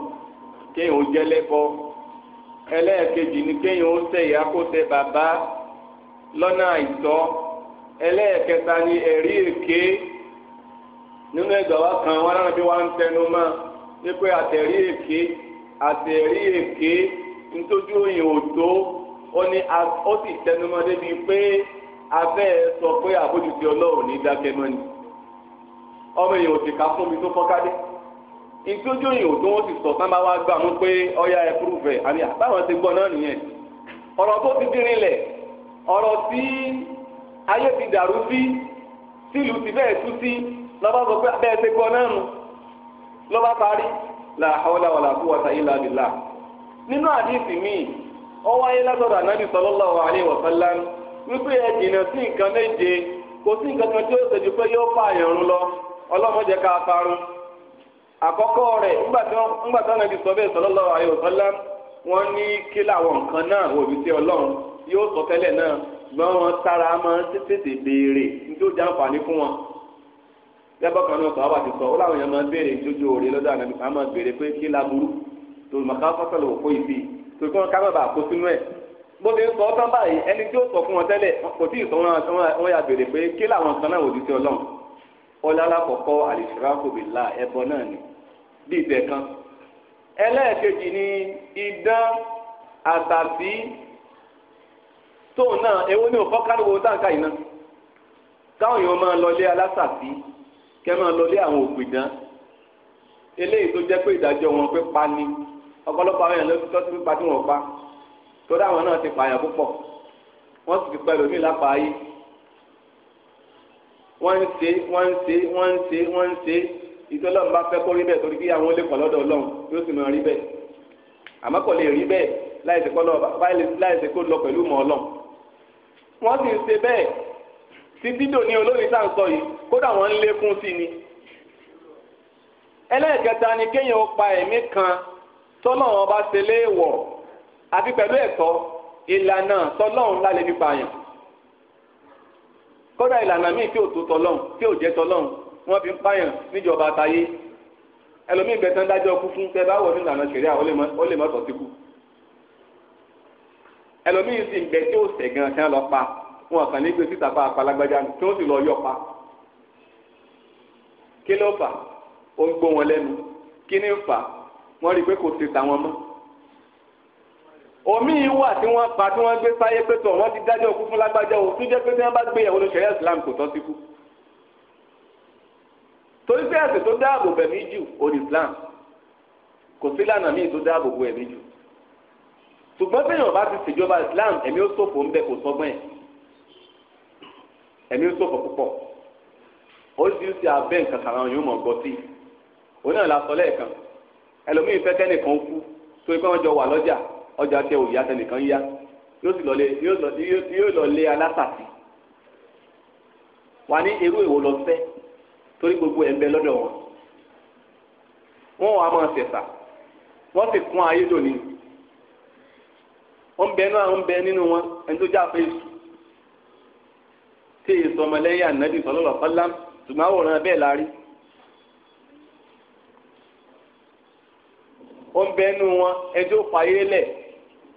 kéèyàn ó jẹ́lẹ́bọ ẹlẹ́ẹ̀kejì ni kéèyàn ó ṣẹ̀ ìyá kó baba bàbá lọ́nà àìtọ́ ẹlẹ́ẹ̀kẹta ni ẹ̀rí èké nínú wa kan wọn lára bí wọn ń tẹnu èké èké òyìn ò tó ó ní ó sì tẹnu débi pé. abẹ́ ẹ sọ pé àbójútì ọlọ́run ní dákẹ́ mọ́ ni ọmọ èèyàn ò sì ká fún mi tó fọ́nkádé ìtọ́jú èèyàn tó wọ́n ti sọ sábà wá gbà mú pé ọya ẹ púrúfẹ̀ àmì àbáwọn ti gbọ́ náà nìyẹn ọ̀rọ̀ tó ti dín rinlẹ̀ ọ̀rọ̀ tí ayé ti dàrú sí sílù ti bẹ́ẹ̀ tú sí lọ́ba sọ pé abẹ́ ẹ ti gbọ́ náà nù lọ́ba parí la hawla wala quwwata illa billah nínú àdìsí míì ọwọ́ ayé látọ̀dọ̀ ànábì sallallahu alaihi wa sallam wípé ya jìnnà sí nǹkan méje kò sí nǹkan kan tí ó ṣe ju pé yóò pààyàn run lọ ọlọ́mọdé ká parun àkọ́kọ́ rẹ̀ ńgbà tí wọn ti sọ bẹ́ẹ̀ wọn ní kí làwọn nǹkan náà òbí tí ọlọ́run yóò sọ tẹ́lẹ̀ náà ṣùgbọ́n wọn sára máa ń tètè béèrè sọ ó láwọn máa ń béèrè lọ́dọ̀ a máa béèrè pé kí fọ́sọ̀lù bó ti ń sọ ọ́ tán báyìí ẹni tí ó sọ fún wọn tẹ́lẹ̀ kò tí ì sọ wọn ya béèrè pé kí làwọn kan náà wò ti ti ọlọ́run ọlọ́lá kọ̀ọ̀kọ́ àlìṣirákò bìlà ẹbọ náà ni bí ìtẹ̀ kan ẹlẹ́ẹ̀kejì ni idán àtàtì tóun náà ewu ní òfò káríwo táǹkà yìí náà káwọn èèyàn máa lọlé alásàtì kẹ́ máa lọlé àwọn òpìdán eléyìí tó jẹ́ pé ìdájọ́ wọn pé pa ni ọ̀pọ̀lọpọ̀ àwọn èèyàn lọ́sọ̀tún pípa tí wọ́n pa torí àwọn náà ti pààyàn púpọ̀ wọ́n sì ti pẹ́ lómi lápá ayé wọ́n ń ṣe wọ́n ń ṣe wọ́n ń ṣe wọ́n ń ṣe ìtọ́lọ́run bá fẹ́ kó rí bẹ́ẹ̀ torí bí àwọn olè kọ̀ lọ́dọ̀ ọlọ́run yóò sì máa rí bẹ́ẹ̀ àmọ́ kò lè rí bẹ́ẹ̀ láìsí kó lọ pẹ̀lú mọ́ ọlọ́run wọ́n sì ń ṣe bẹ́ẹ̀ títí dòní olórin tá à ń sọ yìí kódà wọ́n ń lékún sí ni ẹlẹ́ẹ̀kẹta ni kéèyàn pa ẹ̀mí kan tọ́lọ́run ọba ṣe léèwọ̀ àfi pẹ̀lú ẹ̀kọ́ ìlànà tọlọ́hún lálẹ́ fi pààyàn kódà ìlànà míì tí ò tó tọlọ́hún tí ò jẹ́ tọlọ́hún wọ́n fi ń pààyàn níjọba àtayé ẹlòmíì bẹ̀ tán dájọ́ kú fún tẹ́ bá wọ̀ nínú ìlànà ṣẹ̀ríà ó lè mọ́tò síkú ẹlòmíì sì ń bẹ tí ó sẹ̀ gan kí wọ́n lọ pa wọn kàn ní gbé síta pa àpalágbájá tí wọ́n sì lọ yọ pa kí ló fà ó ń gbó wọn lẹ́nu kí ni fà wọ́n rí i pé kò ti tà wọn mọ́ omi wà tí wọ́n pa tí wọ́n gbé sáyé pé tọ̀ wọ́n ti dájọ́ kú fún lágbájá o tún jẹ́ pé tí wọ́n bá gbé ìyàwó lóṣèlú Islam kò tán sí kú. torí pé ẹ̀sìn tó dáàbò bẹ̀mí jù ò ní Islam kò sí lànà míì tó dáàbò bo ẹ̀mí jù ṣùgbọ́n téèyàn bá ti ṣèjọba Islam ẹ̀mí ó ṣòfò ń bẹ kò sọgbọ́n ẹ̀ ẹ̀mí ó ṣòfò púpọ̀ oríṣiríṣi abẹ́ nǹkan kan àwọn yóò mọ̀ gbọ́ sí oníyàn lásọ lẹ́ẹ̀kan ẹlòmíì fẹ́ kẹ́nìkan kú ọjà tẹ òyà tẹnìkan yá yóò sì lọlé yóò lọlé alásàtì wà ní irú èwo lọ fẹ́ torí gbogbo ẹ̀ ń bẹ lọ́dọ̀ wọn wọn wà á máa ṣẹ̀ṣà wọ́n sì kún ayé dòní wọ́n bẹ náà ń bẹ nínú wọn ẹni tó jáfe èsù tí èsù ọmọlẹ́yìn ànábì sọlọ́lọ́ fọlá ṣùgbọ́n àwòrán bẹ́ẹ̀ la rí. wọ́n bẹ nínú wọn ẹni tó fà ayé lẹ̀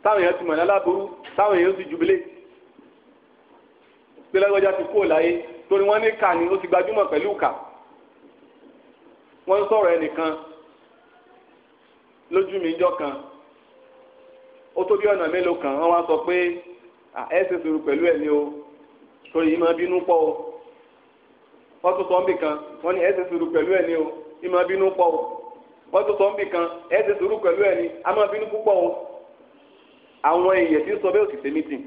táwọn èèyàn ti mọ̀ lálábúrú táwọn èèyàn ti jubilé pé ti kúrò láyé torí wọ́n ní kà ní ó ti gbajúmọ̀ pẹ̀lú kà wọn sọ̀rọ̀ ẹnìkan lójú kan ó tó bí ọ̀nà kan wá sọ pé ẹ ṣe sùúrù pẹ̀lú ẹ̀ o torí yìí máa bínú pọ̀ o tún kan wọ́n ní ẹ ṣe sùúrù o yìí máa bínú pọ̀ o wọn tún kan ẹ ṣe sùúrù pẹ̀lú ẹ̀ a máa bínú o. àwọn èèyàn tí ń sọ bẹ́ẹ̀ ò sì ṣe mítìn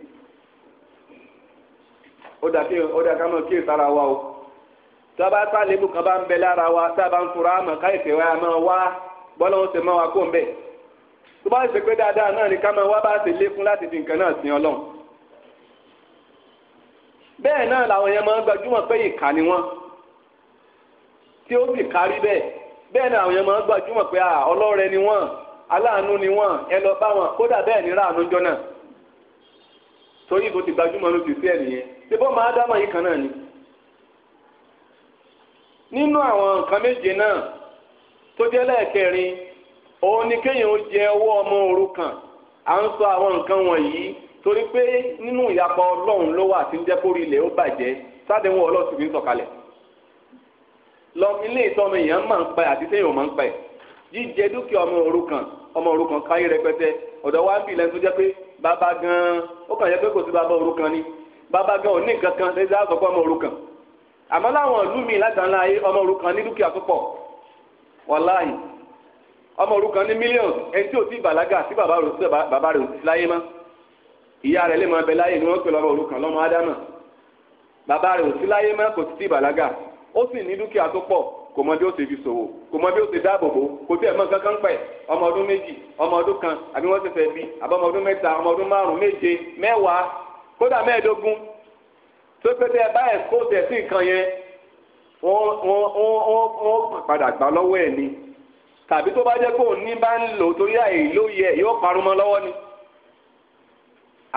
ó dà ká máa kíyèsí ara wa o tá a bá tá lébù kan bá ń bẹ lára wa tá a bá ń fura àmọ́ káyọ̀tì wa máa wá bọ́lá ó ṣe máa wá kó ń bẹ̀ tó bá ṣe pé dáadáa náà ni ká máa wá bá ṣe lékún láti di nǹkan náà sin ọlọ́run bẹ́ẹ̀ náà làwọn yẹn máa ń gbajúmọ̀ pé ìkà ni wọ́n tí ó sì kárí bẹ́ẹ̀ bẹ́ẹ̀ náà àwọn yẹn máa ń gbajúmọ̀ pé ọlọ́rẹ ni wọ́n aláàánú ni wọn ẹ lọ bá wọn kódà bẹ́ẹ̀ ní ráàánú jọ náà torí ti gbajúmọ̀ ló ti ẹ̀ nìyẹn ṣé bọ́ máa yìí kan náà ni. nínú àwọn nǹkan méje náà tó jẹ́ lẹ́ẹ̀kẹrin òun ni kéèyàn ó jẹ ọwọ́ ọmọ òrukàn à ń sọ àwọn nǹkan wọ̀nyí torí pé nínú ìyapa ọlọ́run ló wà tí ń jẹ́ ilẹ̀ ó bàjẹ́ ọlọ́sùn sọ̀kalẹ̀ ọmọ òrukàn káyé rẹpẹtẹ ọ̀dọ̀ wa ń bì lẹ́nu tó jẹ́ pé bàbá gan-an ó kàn jẹ́ pé kò sí bàbá òrukàn ni bàbá gan-an ò ní nǹkan kan lẹ́sẹ̀ àgbọ̀ pé ọmọ òrukàn àmọ́ láwọn ìlú mi látàlá ayé ọmọ òrukàn ní dúkìá tó pọ̀ wàláhì ọmọ òrukàn ní mílíọ̀nù ẹni tí ò tí bàlágà sí bàbá rẹ̀ sí bàbá rẹ̀ sí láyé mọ́ ìyá rẹ̀ lè máa bẹ láyé ni wọ́n pè lọ́mọ òrukàn lọ́mọ ádámà bàbá rẹ̀ ò sí láyé mọ́ kò sí bàlágà ó sì ní dúkìá tó pọ̀ kò mọ bí ó ṣe fi ṣòwò kò mọ bí ó ṣe dáàbò bò kò tí ẹ̀ mọ kankan pẹ̀ ọmọ ọdún méjì ọmọ ọdún kan àbí wọ́n ti fẹ́ bí àbọ̀mọ ọdún mẹ́ta ọmọ ọdún márùn-ún méje mẹ́wàá kódà mẹ́ẹ̀ẹ́dógún tó pé tẹ́ ẹ bá ẹ̀ kó tẹ̀ sí nǹkan yẹn wọ́n padà gbà lọ́wọ́ ẹ̀ ni tàbí tó bá jẹ́ pé òun ní bá ń lò torí àìlóye ẹ̀ yóò parun mọ́ lọ́wọ́ ni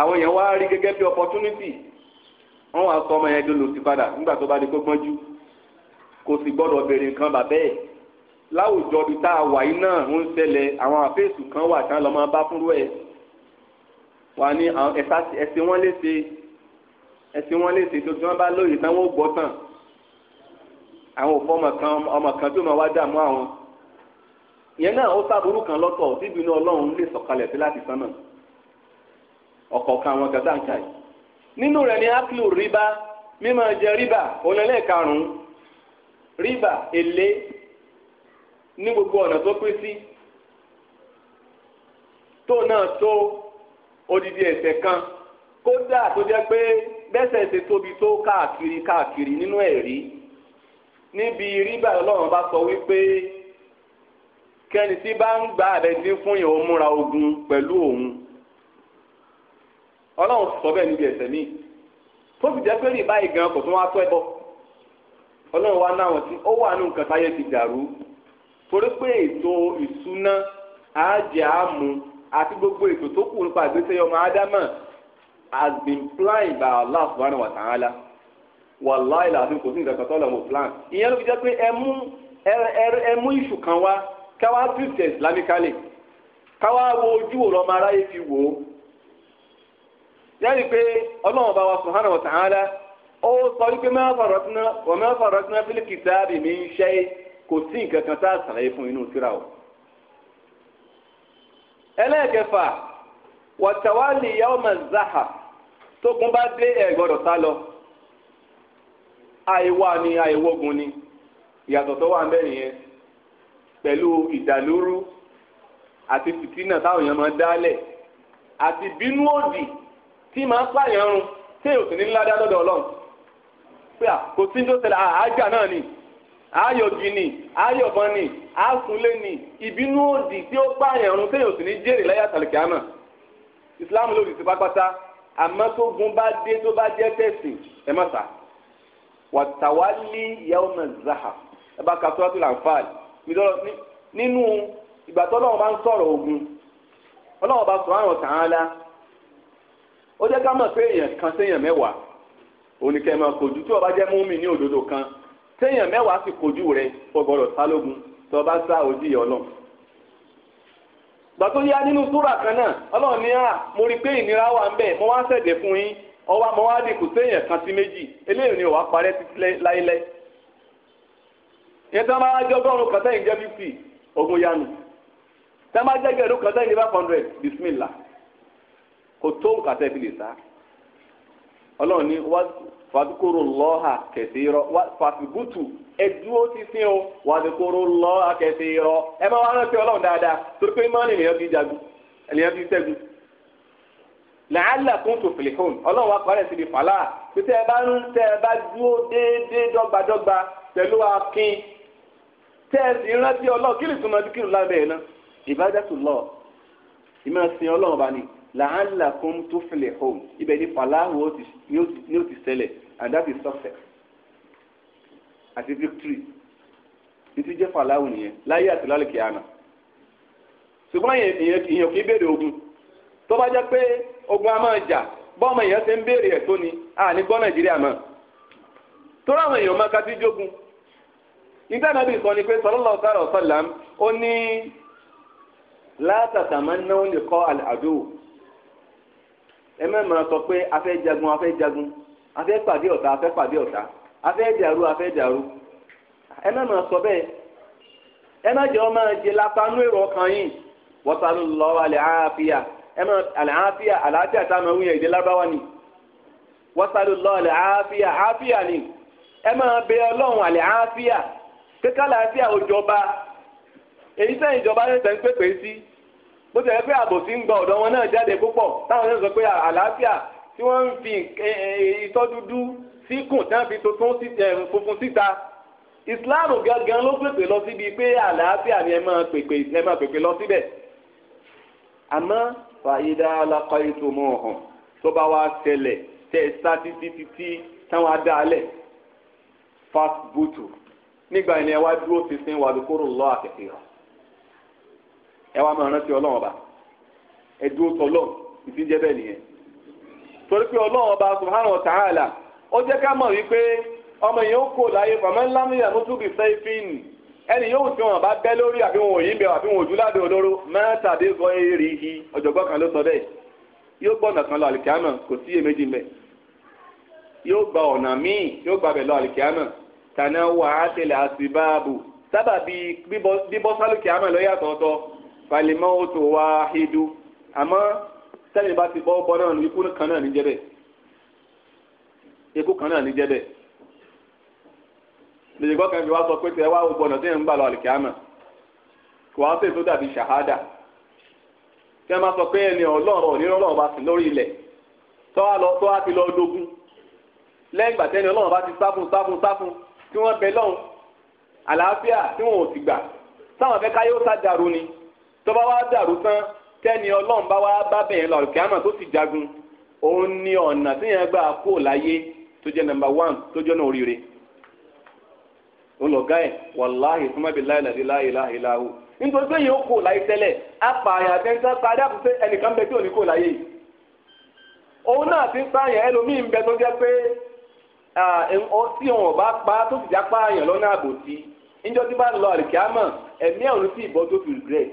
àwọn èèyàn wá rí gẹ́gẹ́ bí opportunity wọ́n wá sọ ọmọ yẹn dolo sí padà nígbà tó bá di kó gbọ́njú kò sì gbọ́dọ̀ béèrè nǹkan bàbẹ́ ẹ̀ láwùjọ bíi tá a wà yìí náà ń ṣẹlẹ̀ àwọn àfẹ́sù kan wà tán lọ́mọ bá fúnrú ẹ̀ wà ní ẹ̀sìn wọn léṣe ẹ̀sìn wọn léṣe tó tí wọ́n bá lóye tán wọ́n gbọ́ tán àwọn òfò ọmọ kan ọmọ kan tó máa wá dààmú àwọn ìyẹn náà ó sábúrú kan lọ́tọ̀ síbi inú ọlọ́run lè sọ̀kalẹ̀ sí láti sánmà ọ̀kọ̀ọ̀kan àwọn gàdáǹkà yìí nínú rẹ̀ ni ákìlù rìbá mímọ jẹ rìbá òun ẹlẹ́ẹ̀karùn Riba ele ní gbogbo ọ̀nà tó pín sí tó náà tó odidi ẹ̀ṣẹ̀ kan kódà tó jẹ́ pé bẹ́sẹ̀ ṣe tóbi tó káàkiri káàkiri nínú ẹ̀rí níbi rìbá ọlọ́run bá sọ wípé kẹ́ni tí bá ń gba àbẹ̀dí fún yẹn ó múra ogun pẹ̀lú òun ọlọ́run sọ bẹ́ẹ̀ níbi ẹ̀ṣẹ̀ míì tó jẹ́ pé rìbá ìgbìmọ̀ kò tún wá tó ẹbọ. ọlọ́run wa náà wọ́n ti ó wà ní nǹkan táyé ti torí pé ètò ìsúná àjẹ àmú àti gbogbo ètò tó kù nípa ìgbésẹ̀ ọmọ ádámà has been planned by Allah subhanahu wa ta'ala wàláì làásùn kò sí nǹkan kan tó plan ìyẹn ló fi jẹ́ pé ẹmú ẹmú ìṣù kan wá islamically káwá wo ọmọ aráyé fi wò ó pé ọlọ́run bá wa ó sọ wípé ma faratna wa ma faratna fil kitabi min shay kò sí nǹkan kan tá a sàlàyé fún inú síra o. ẹlẹ́ẹ̀kẹfà wàtàwálì yawma zaha tógun bá dé ẹ̀ gbọ́dọ̀ sá lọ àìwá ni àìwógun ni ìyàtọ̀ tó wà ń bẹ nìyẹn pẹ̀lú ìdàlúrú àti fìtínà táwọn èèyàn máa dálẹ̀ àti bínú òdì tí máa pààyàn run tí èèyàn ò sì ní ládá lọ́dọ̀ ọlọ́run pé kò sí ní tó àájà náà ni ayọ̀gì ni ayọ̀bọ̀n ni àsùnlé ni ìbínú òdì tí ó pààyàn ọ̀run téèyàn sì ní jèrè láyé àtàlùkẹ́ àmà ìsìláàmù lòdì sí pápátá àmọ́ tó gun bá dé tó bá jẹ́ tẹ̀sìn ẹ má sà wàtàwálì yawma zaha ẹ bá ka sọ́ọ́tù lànfààlì nínú ìgbà tó Ọlọ́run bá ń sọ̀rọ̀ ogun Ọlọ́run bá sọ̀rọ̀ àwọn tàn án la ó jẹ́ ká mọ̀ pé èèyàn kan séèyàn mẹ́wàá oníkẹ́ máa kojú tí o bá jẹ́ múmi ní òdodo kan téèyàn mẹ́wàá sì kojú rẹ o gbọ́dọ̀ sálógun tó o bá sá ojú ìyá ọlọ́run. gbàtó yá nínú súrà kan náà ọlọ́run ní à ah, mo rí i pé ìnira wà ń bẹ̀ mo wá ń fún yín ọwọ́ mo wá dínkù téèyàn kan sí méjì eléyìí ni ò wá parẹ́ títí láéláé. ìyẹn tí wọ́n bá jẹ́ ọgọ́rùn-ún kan sẹ́yìn jẹ́ fífì ogun yanu tí wọ́n bá jẹ́ gẹ̀rú kan sẹ́yìn ní bismillah kò tó nǹkan tẹ́ fi lè sá ọlọ́run ní wá fàdúkòrò lọ́ha kẹsì rọ wá fàtìbùtù ẹdúró ti sin o wàdúkòrò lọ́ha kẹsì rọ ẹ máa wá rántí ọlọ́run dáadáa torí pé mọ́ni ènìyàn fi jagun ènìyàn fi ṣẹ́gun làálà kún tó fìlẹ̀ hàn ọlọ́run wa parẹ́ síbi fàlà pé tẹ́ ẹ bá ń tẹ́ ẹ bá dúró déédéé dọ́gbadọ́gba pẹ̀lú akin tẹ́ ẹ sì rántí ọlọ́run kí lè túnmọ̀ kí lè lábẹ́ ẹ̀ náà ìbádàtú lọ ìmọ̀ sin la'allakum tuflihun ibẹ̀ ní falahu ni ó ti ṣẹlẹ̀ and that is success àti victory títí jẹ́ falahu nìyẹn láyé àti lálẹ́ kìáná ṣùgbọ́n èèyàn kì í béèrè ogun tó bá jẹ́ pé ogun a máa jà bọ́ọ̀mọ èèyàn ṣe ń béèrè ẹ̀ tó ni a ní gbọ́ nàìjíríà mọ́ tó ráwọn èèyàn máa ka sí jógun ìtànàbí sọ ni pé sallallahu alaihi wasallam ó ní látàtàmánà ó lè kọ́ àdó ẹ mẹ́mọ̀ sọ pé a fẹ́ jagun a fẹ́ jagun a fẹ́ pàdé ọ̀tá a fẹ́ pàdé ọ̀tá a fẹ́ dàrú a fẹ́ dàrú ẹ sọ bẹ́ẹ̀ ẹ má jẹ́ lápánú èrò ọkàn yìí wọ́sálù lọ́wọ́ alẹ́ àáfíà ẹ alẹ́ àáfíà àlàáfíà ni wọ́sálù lọ́wọ́ alẹ́ àáfíà àáfíà ni ọlọ́run alẹ́ àáfíà bó ti yẹ pé àbòsí ń gba ọ̀dọ̀ wọn náà jáde púpọ̀ táwọn náà sọ pé àlàáfíà tí wọ́n ń fi itọ́ dúdú síkùn tí wọ́n fi funfun síta ìsìláàmù gangan ló pèpè lọ síbi pé àlàáfíà ni ẹ máa pèpè ẹ máa pèpè lọ síbẹ̀ àmọ́ fàyídà alákọ̀ ètò mọ̀ ọ̀hún tó bá wá ṣẹlẹ̀ tẹ̀ sá títí títí táwọn adá alẹ̀ fásitì bùtù nígbà yẹn wá dúró sísìn wàlúkúrò lọ́ọ́ àkẹ́kẹ́ rẹ̀ ẹ wá máa rántí ọlọ́run ọba ẹ dúró tọ ọlọ́run ìdíjẹ́ bẹ́ẹ̀ nìyẹn torí pé ọlọ́run ọba subhanahu wa ta'ala ó jẹ́ ká mọ̀ wípé ọmọ yẹn ó kó láyé fàmọ́ ńlá mi yà mútu bí sẹ́fìn ẹni yóò tí wọn bá bẹ́ lórí àbí wọn ò yí bẹ̀ àbí wọn ò júláde òdòdó mẹ́tàdé sọ èrè yìí ọ̀jọ̀gbọ́n kan ló sọ bẹ́ẹ̀ yóò gbọ́ ọ̀nà kan lọ àlìkíámà kò sí èméjì mbẹ̀ yóò gba ọ̀nà míì yóò gba bẹ̀ àlìkíámà tànà wà á tẹ̀lé àsìbáàbù sábàbí bíbọ́ sálùkíámà lọ́yà tọ̀ọ̀tọ̀ falimọ́ ó tó wá hedu àmọ́ sẹ́yìn bá ti bọ́ bọ́ náà ikú kan náà ní jẹ́bẹ̀ ikú kan náà ní jẹ́bẹ̀ lèyìnbọn kan fi wá sọ pé tẹ wá gbogbo ọ̀nà tẹ́yìn ń gbà lọ àlùkìyàmà kò wá sí ètò dàbí ṣàhádà tí a máa sọ pé ẹni ọlọ́run onírọ́lọ́run bá sìn lórí ilẹ̀ tó wá ti lọ dogun lẹ́yìn ìgbà tẹ́ni ọlọ́run bá ti sáfún sáfún sáfún tí wọ́n bẹ lọ́hùn àlàáfíà tí wọ́n ò sì gbà táwọn fẹ́ káyé ó sá ni tó bá wá dàrú tán tẹ́ni ọlọ́run bá wá bá bẹ̀yẹn lọ kíámà tó sì jagun òun ni ọ̀nà tíyẹn gbà kó láyé tó jẹ́ number one tó jọ́nà oríire olùgá ẹ̀ wàláhì súnmọ́bi láìláì láì láì láhù nítorí pé yóò kó láyé tẹ́lẹ̀ apààyàn àtẹ́ńtà parí àkùsẹ́ ẹnìkan bẹ tí ò ní kó láyé yìí òun náà ti ń pààyàn ẹlòmíì ń bẹ tó jẹ́ pé tí òun bá pa tó sì já pààyàn lọ́nà àbòtí níjọ́ tí bá lọ àlìkí àmọ̀ ẹ̀mí ẹ̀ ò ní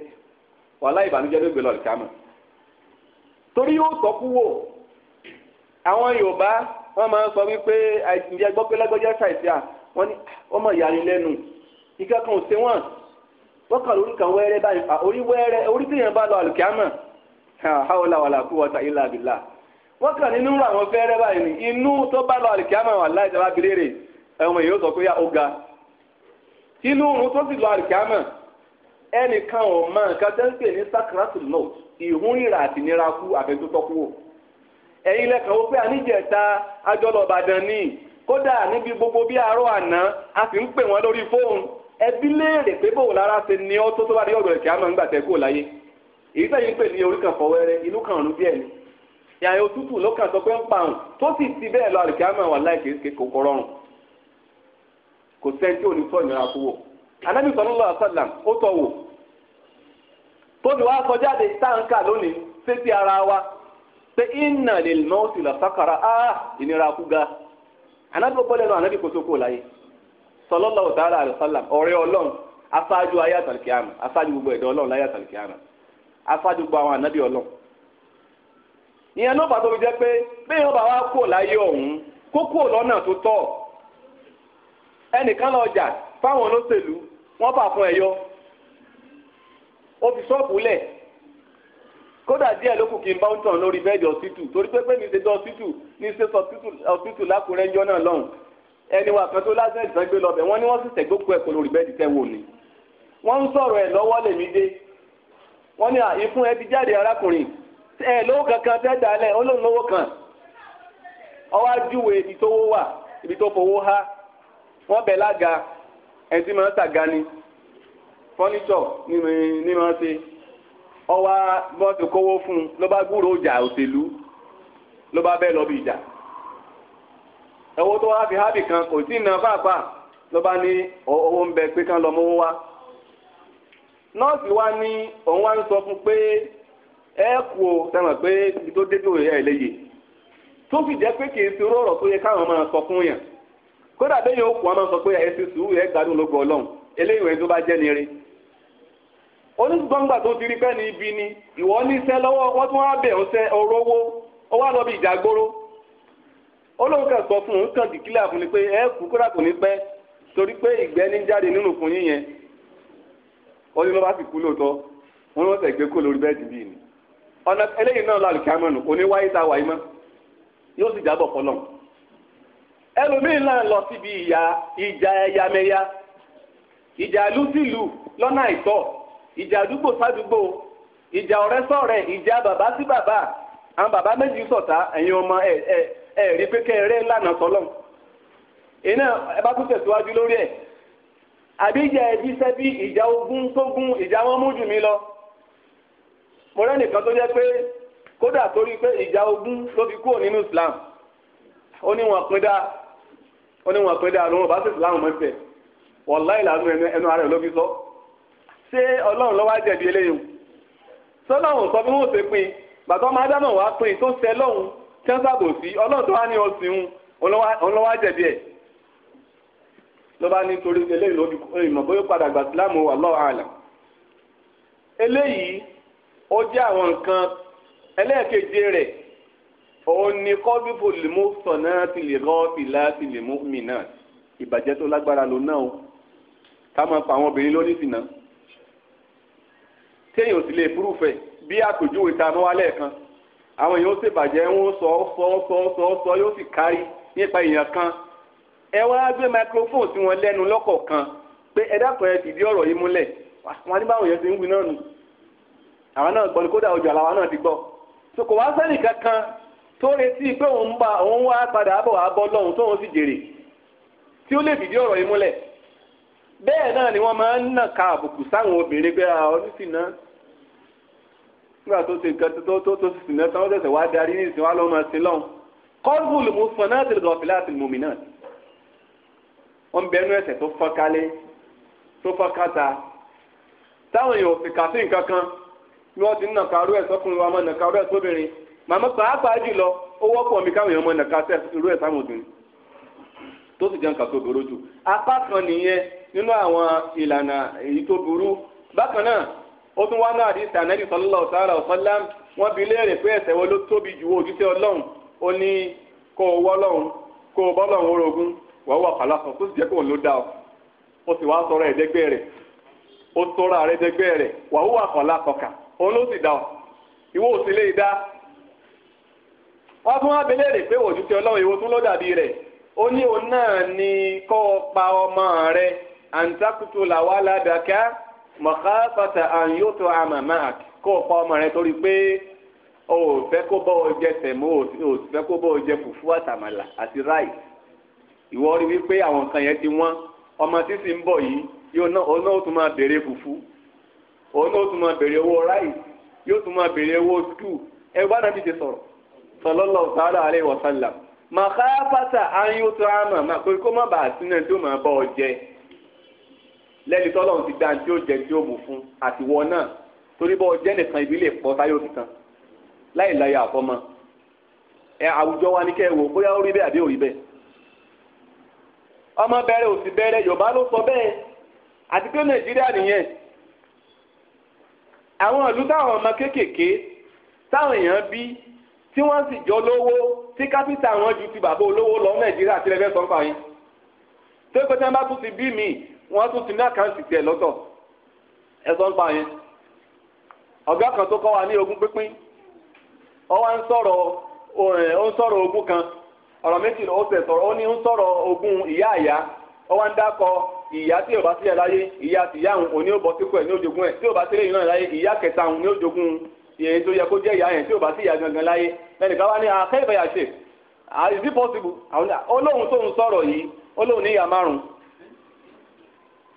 wàhálà ìbànújẹ́ ló gbé lọ ìkámọ̀ torí yóò sọ kú wò àwọn Yorùbá wọn máa ń sọ wípé àìsíndíẹ gbọ́ pé lágbọ́jà ṣàìsí à wọ́n ní ọmọ ah, ìyanu lẹ́nu ìkà kan ò ṣe wọ́n wọ́n kàn lórí kan wẹ́rẹ́ báyìí ah, orí wẹ́rẹ́ orí téèyàn bá lọ àlùkìámọ̀ haula wala quwwata illa billah wọ́n kàn nínú rà wọ́n fẹ́rẹ́ báyìí inú tó bá lọ àlùkìámọ̀ wà láì sábà bilérè ẹ̀wọ̀n èyí ó sọ pé ó ga inú òun tó sì lọ àlùkìámọ̀ ẹnìkan ò mọ nǹkan tẹ́ ń pè ní sakratul note ìhúnrìnrà àti nira kú àbẹ̀tótọ́kú wò ẹ̀yin lẹ́kàn ó pé àníjẹ̀ta gbogbo bí àárọ̀ àná a sì ń pè wọ́n lórí fóònù ẹbí léèrè pé bò lára ṣe ni ọ́ tó tó bá dé ọ̀gbẹ̀rẹ̀ kí á máa ń gbà tẹ́ láyé èyí sẹ́yìn pè ní orí kan fọwẹ́rẹ́ inú kan ọ̀run ni ìyàrá òtútù ló kàn sọ pé ń pa àrùn tó sì ti bẹ́ẹ̀ lọ anabi sọlọ́lọ́ àṣàlám ó tọ̀ wò tóbi wá sọ jáde táǹkà lónìí sétí ara wa pé iná lè nà ó sì lọ sákàrà á ìnira kú ga anabi ó bọ́lẹ̀ náà anabi kò tó kó láyé sọlọ́lọ́ ọ̀tàrà àṣàlám ọ̀rẹ́ ọlọ́run aṣáájú ayé àtàlùkìyàmù aṣáájú gbogbo ẹ̀dọ́ ọlọ́run láyé àtàlùkìyàmù aṣáájú gbogbo àwọn anabi ọlọ́run ìyẹn náà bàtọ́ mi jẹ́ pé bẹ́ẹ̀ yóò bá kó láyé ọ̀hún kó kó lọ́nà tó tọ́ ẹnìkan lọ jà fáwọn olóṣèlú wọ́n bà fún ẹ yọ ó fi ṣọ́ọ̀bù lẹ̀ kódà díẹ̀ ló kù kí n bá ń tàn lórí bẹ́ẹ̀dì ọ̀sítù torí pé pé ní ṣe dán ọ̀sítù ní ṣe sọ ọ̀sítù lákùrẹ́ ńjọ́ náà lọ́hùn ẹni wà kan tó lásán ìtàn gbé lọ́bẹ̀ wọ́n ní wọ́n sì tẹ̀gbókù ẹ̀kọ́ lórí bẹ́ẹ̀dì tẹ́wò ni wọ́n ń sọ̀rọ̀ ẹ̀ lọ́wọ́ lèmi dé wọ́n ní ìfún ẹ ti jáde arákùnrin ẹ lówó kankan tẹ́ dalẹ̀ ó lóun lówó kan ọwọ́ ajúwe ibi tó wó wà ibi tó fowó há wọ́n bẹ̀ lága ẹtí máa ń tàga ni fọ́níṣọ̀ ni máa ń ṣe ọwá bọ́n ti kówó fún un ló bá gbúrò ìjà òṣèlú ló bá bẹ́ẹ̀ lọ bí ìjà tó wá kan kò tí na ná lo ló bá ní owó ń bẹ pé kán lọ mówó wá nọ́ọ̀sì wa ní òun wá ń o sẹ́wọ̀n pé ibi tó dé tó ẹ̀ tó fi jẹ́ pé kì í ṣe tó yẹ sọ fún yàn kódà bẹ́ẹ̀ yóò kú ọmọ sọ pé ẹ ti sùúrù ẹ gbádùn lógo ọlọ́run eléyìí ẹni tó bá jẹ́ nire onígbọ̀ngbà tó ti rí ibi ni ìwọ níṣẹ́ lọ́wọ́ wọ́n tún wá bẹ̀ ọ̀sẹ̀ orówó ó wá lọ bí ìjàgbóró olóhùn kan sọ fún un kàn dìkílà fún ni pé ẹ kú kódà kò ní pẹ́ torí pé ìgbẹ́ ní jáde nínú fún yín yẹn wọ́n ní wọ́n bá sì kú lóòótọ́ wọ́n ẹlòmíì náà lọ síbi ìyá ìjà ẹ̀yàmẹ̀yà ìjà lùtìlù lọ́nà àìtọ́ ìjà àdúgbò sádùgbò ìjà ọ̀rẹ́ sọ̀rẹ́ ìjà bàbá sí bàbá àwọn bàbá méjì ṣọ̀tá ẹ̀yin ọmọ ẹ̀ ẹ̀ ẹ̀ rí pé kẹ́ẹ̀rẹ́ ńlànà sọlọ́n iná ẹ bá tún tẹ̀síwájú lórí ẹ̀ àbí ìjà ẹbí sẹ́bí ìjà ogún sógún ìjà wọn mú jù mí lọ mo rẹ́ nìkan tó jẹ́ pé kódà torí pé ìjà ogún ló fi kúrò nínú Islam ó ní wọn pin dáa ó ní wọn pé dáadọ́ wọn bá sì láwọn mọ́ ibẹ̀ wọ̀láì làánú ẹnu ara ẹ̀ ló fi sọ ṣé ọlọ́run ló wá jẹ̀bi eléyìí sọlọ́run sọ bí wọ́n ṣe pín bàtọ́ máa dáná wàá pín tó ṣẹ lọ́hùn tí wọ́n sábò sí ọlọ́run tó wá ní ọ̀sìn òun ló wá jẹ̀bi ẹ̀ ló bá ní torí eléyìí ló fi ìmọ̀ bóyá padà gbà sílámù wà lọ́wọ́ àlà eléyìí ó jẹ́ àwọn nǹkan ẹlẹ́ẹ̀kejì rẹ̀ òun ni kọ́bífò lè mú sọ̀nà ti lè rán ti lá ti lè mú mi náà ìbàjẹ́ tó lágbára ló náà o ká máa pa àwọn obìnrin lónìí sí náà téèyàn sì lè púrúfẹ̀ bí àpèjúwe ta mọ́ wálẹ̀ kan àwọn èèyàn ó ṣèbàjẹ́ wọn sọ sọ sọ sọ sọ yóò sì kárí nípa èèyàn kan ẹ wá gbé microphone tí wọ́n lẹ́nu lọ́kọ̀ọ̀kan pé ẹ dákun ẹ dìde ọ̀rọ̀ yìí múlẹ̀ wọn ní báwọn èèyàn ti ń wí náà nù àwọn náà gbọ́ ni kódà ọjọ́ àlàwà náà ti gbọ́ so kò wá sẹ́nì kankan tó retí pé òun bá òun wá padà bọ̀ wá bọ́ lọ́hùn tóun sì jèrè tí ó lè fìdí ọ̀rọ̀ yìí múlẹ̀ bẹ́ẹ̀ náà ni wọ́n máa ń nà ka àbùkù sáwọn obìnrin pé oníṣìná nígbà tó ṣe nǹkan tó tó tó sì ná táwọn ṣẹ̀ṣẹ̀ wá darí ní ìsìn wá lọ́mọ sí lọ́hùn kọ́lùbùlù mú fún náà tẹ̀lé gọ̀ọ́fì láti mùmí náà wọ́n ń bẹnu ẹ̀sẹ̀ tó fọ́n kálé tó fọ́n táwọn èèyàn ò sì kà sí nǹkan kan ni wọ́n ti nà karú ẹ̀ sọ́kùnrin wa máa nà karú ẹ̀ sóbìnrin màmá pàápàá jùlọ ó wọ́pọ̀ mi káwọn èèyàn mọ ẹ̀ka sẹ́ irú ẹ̀ sáwọn obìnrin tó sì jẹ́ nǹkan tó burú jù apá kan nìyẹn nínú àwọn ìlànà èyí tó burú bákan náà ó tún wá náà àdí sànẹ́dì sọlọ́lá ọ̀sára ọ̀sọ́lá wọ́n bi léèrè pé ẹ̀ṣẹ̀ wo ló tóbi jù òjúṣe ọlọ́run ó ní kó o wọ́lọ́run kó o bọ́lọ́run orogún wọ́n wà pàlásán tó sì jẹ́ kóun ló dá ọ ó sì wá sọ̀rọ̀ ẹ̀ẹ́dẹ́gbẹ́ rẹ̀ ó sọ̀rọ̀ àrẹ́dẹ́gbẹ́ rẹ̀ wàhùwà kọ̀ọ̀lá kọ̀ọ̀kà òun ló sì dá ọ wọ́n tún wá belé rè pé òjútì ọlọ́run èwo tún ló rẹ̀ ó ní òun náà ni kọ́ ọ pa ọmọ rẹ̀ àǹtakùtù làwa ládàkà mọ̀káfàtà àǹyótò àmàmà kọ́ ọ pa ọmọ rẹ̀ torí pé o ò fẹ́ kó bọ́ ọ jẹ sẹ̀mó o ò fẹ́ kó bọ́ ọ jẹ fùfú àtàmàlà àti ráì ìwọ rí wípé àwọn nǹkan yẹn ti wọ́n ọmọ títí ń bọ̀ yìí yóò ná òun náà ó tún máa béèrè fùfú òun náà ó tún máa béèrè owó ráì yóò tún máa béèrè owó skul ẹ wá náà ti ti sọ̀rọ̀ sallallahu ta'ala alaihi wa sallam màkàfàtà ayótó àmà má pé kó má bàa sínú ẹni tó máa bá ọ jẹ lẹ́ni tọ́lọ́run ti dá ní tí ó jẹ tí ó mú fún àtiwọ́ náà torí bọ́ jẹ́ nìkan ibi lè pọ́ táyọ̀ nìkan láì láyà àfọ́mọ́ ẹ àwùjọ wa ní kẹ́ ẹ wò bóyá ó rí bẹ́ẹ̀ àbí ò rí bẹ́ẹ̀ ọmọ bẹ̀rẹ̀ òsì bẹ̀rẹ̀ Yorùbá ló sọ bẹ́ẹ̀ àti pé Nàìjíríà nìyẹn àwọn ìlú táwọn ọmọ kéékèèké táwọn èèyàn bí tí wọ́n sì jọ lówó tí kápítà wọn ju ti bàbá olówó lọ nàìjíríà tí lẹ́fẹ̀ẹ́ sọ́n pa yín tó pé tí wọ́n bá tún ti bí mi wọ́n tún ti ní àkáǹtì tiẹ̀ lọ́tọ̀ ẹ sọ́n pa yín ọ̀gá kan tó kọ́ wa ní ogún pínpín ó wá ń sọ̀rọ̀ ó ń sọ̀rọ̀ ogún kan ọ̀rọ̀ méjì ló ṣe sọ̀rọ̀ ó ní ń sọ̀rọ̀ ogún ìyá àyá ó wá ń dákọ ìyá tí yóò bá sílẹ̀ láyé ìyá àtìyá òun òní ó bọ́ sípò ẹ̀ ní òjogún ẹ̀ tí yóò sílẹ̀ yìí náà láyé ìyá kẹta òun ní òjogún iye tó yẹ kó jẹ́ ìyá yẹn tí ò bá sí ìyá gangan láyé ẹnìkan wá ní akẹ́bẹ̀ ah, yà ah, is it possible olóhùn ah, tó sọ̀rọ̀ yìí olóhùn ní ìyá márùn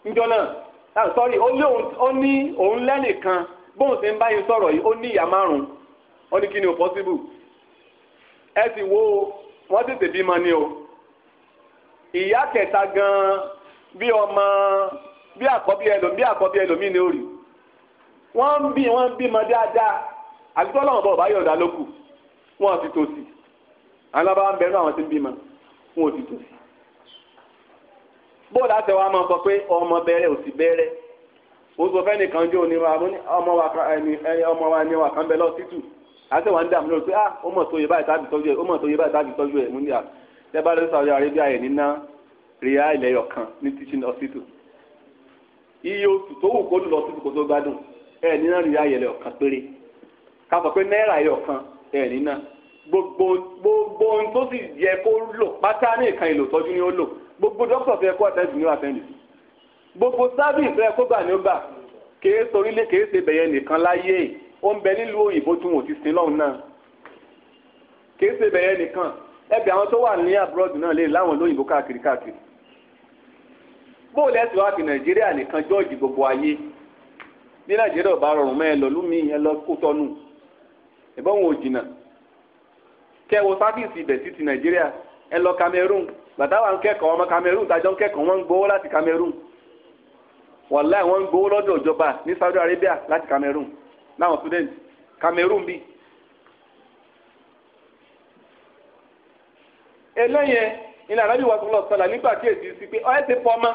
njọ náà sorry olóhùn ó ní òun lẹ́nìkan bóun ti ń bá yín sọ̀rọ̀ yìí ó ní ìyá márùn ó ní kí ni ò possible ẹ sì wo wọ́n tètè bímọ ni o ìyá kẹta gan bí ọmọ bí àkọ́bí ẹlòmí àkọ́bí ẹlòmí ni ó rí wọ́n ń bí wọ́n ń bímọ dáadáa àgbẹ̀tọ́ làwọn bọ̀ bá yọ̀dá lókù wọ́n ti tòsí alábà ń bẹ̀rù àwọn tí ń bímọ wọ́n ti tòsí. bóòlù àtẹwà máa sọ pé ọmọ bẹ̀rẹ̀ òsì bẹ̀rẹ̀ ó sọ fẹ́ni kan jó ní ọmọ wa ni wà kán bẹ lọ títù àtẹwà ń dààmú lórí pé ah ó mọ̀ tó yẹ báyìí tábì tọ́jú ẹ̀ ó mọ̀ tó yẹ báyìí tábì tọ́jú ẹ̀ múndíà tẹ́ bá lọ́sọ̀ àwọn arábíà yẹn níná rìá ilẹ̀ yọ̀kan ní teaching hospital iye oṣù tó wù kó lù lọ sí kò tó gbádùn ẹ nínà rírà yẹlẹ ọ̀kan péré ká sọ pé náírà yẹ ọ̀kan ẹ nínà gbogbo gbogbo ohun tó sì yẹ kó lò pátá ní ìkan ìlò tọ́jú ni ó lò gbogbo dókítà fẹ́ kó àtẹ́sí ni ó àtẹ́sí gbogbo sábìsì fẹ́ kó gbà ni ó gbà kèé sorílé kèé ṣe bẹ̀yẹ nìkan láyé ó ń bẹ nílùú òyìnbó tún wò ti sin lọ́hùn náà kèé ṣe bẹ̀yẹ nìkan ẹbẹ̀ àwọn tó wà ní abroad náà lè láwọn lóyìnbó káàkiri káàkiri bóòlù ẹ̀sìn wá fi nàìjíríà nìkan jọ́ọ̀jì gbogbo ayé ní nàìjíríà ọba rọrùn mẹ́ ẹ lọ lómi ẹ lọ kó tọ́nu ìbọn wọn jìnnà kẹ wo sáfíìsì ibẹ̀ sí ti nàìjíríà ẹ lọ Cameroon bàtà wà ń kẹ́kọ̀ọ́ ọmọ Cameroon tàjọ ń kẹ́kọ̀ọ́ wọ́n ń gbowó láti Cameroon wàláì wọ́n ń gbowó lọ́dọ̀ ìjọba ní Saudi Arabia láti Cameroon láwọn student Cameroon bíi. eléyẹn ilé arábìwá sọlá nígbà tí èsì ọ ti ọmọ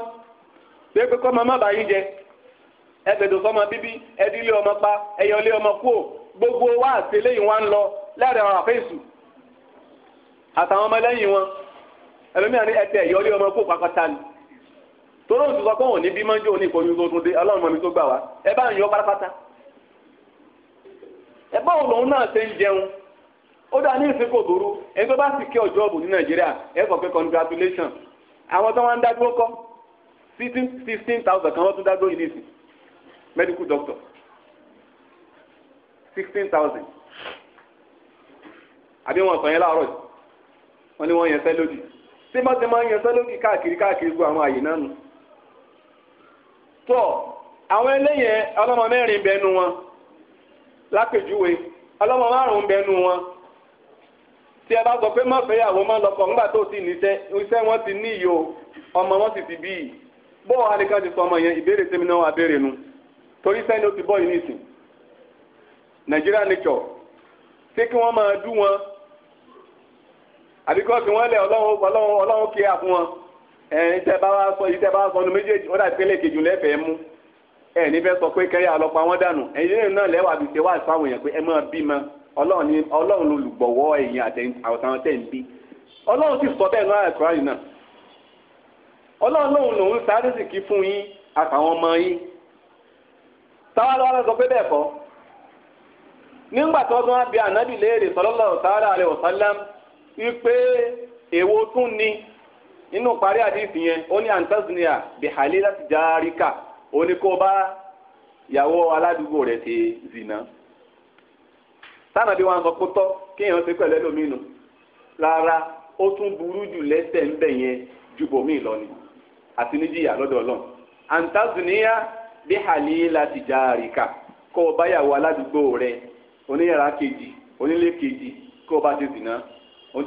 pé pé kọ́ ọmọ má ẹgbẹ̀dọ̀ sọmọ bíbí ẹdílé ọmọ pa ẹyọlé ọmọ kú gbogbo wa àti eléyìí ń lọ lẹ́rẹ̀ àwọn àfẹ́sù àtàwọn ọmọ lẹ́yìn wọn ẹlòmíràn ní ẹtẹ ẹyọlé ọmọ kú pàkọ́tà ni torí òun sọ pé tó tún dé ọlọ́run mọ̀mí tó gbà wá ẹ bá ń yọ pátápátá ẹ bá lòun náà ṣe ń jẹun ó dá ní ìsìnkú ẹni tó bá sì kí ọjọ́ ọ̀bùn ní nàìjíríà ẹ medical doctor sixteen thousand àbí wọn sọ yẹn láàárọ̀ yìí wọn ni wọn yẹn sẹ́ lódì tí bá ti máa ń yẹn sẹ́ lódì káàkiri káàkiri gbogbo àwọn àyè náà nù tọ́ àwọn eléyẹn ọlọ́mọ mẹ́rin bẹnu wọn lápèjúwe ọlọ́mọ márùn-ún bẹnu wọn tí ẹ bá sọ pé má fẹ́yàwó má lọ́kọ nígbà tó ti níṣẹ́ iṣẹ́ wọn ti ní ìyó ọmọ wọn sì ti bí bó wàá nìkan ti sọ ọmọ yẹn ìbéèrè tèmi náà wà béèrè nu torí sẹ́ni ó ti bọ́ yìí nìsín Nigeria nature ṣé kí wọ́n máa dú wọn àbí kọ́ kí wọ́n lẹ̀ ọlọ́run ọlọ́run ọlọ́run kí á fún wọn ẹ̀ẹ́n tẹ́ bá wá sọ ìtẹ́ bá wá sọ ọdún méjèèjì ó dàbí pélé kejì lẹ́fẹ̀ẹ́ mú ẹ̀ nífẹ̀ẹ́ sọ pé kẹ́rẹ́ àlọ́pàá wọn dànù ẹ̀yin náà lẹ́wà àbí ṣe wá sáwọn èèyàn pé ẹ máa bí ma ọlọ́run lolùgbọ̀wọ́ ẹ̀yin àtàwọn tẹ̀ ń bí ọlọ́run sì sọ bẹ́ẹ̀ náà ẹ̀kọ́ àyìn náà ọlọ́run lòun lòun sáré sì kí fún yín àtàwọn ọmọ yín táwa lọ́wọ́ lọ́sọ pé bẹ́ẹ̀ ni nígbà tó tún anabi bí sallallahu ta'ala alaihi wasallam wípé ni inu pari àdìsí yẹn ó ní antasnia bihali jarika ó ní kó bá ìyàwó aládùúgbò yawọ ti zìnà tánàbí wọn sọ pé bi kéèyàn ṣe pẹ̀lú ẹlòmínú rárá ó tún buru yẹn ju lọ ni àti níjìyà bí halila ti jaarika kó o báyàwó aládùúgbò rẹ oníyàrá kejì onílé kejì kó o bá ti zìnà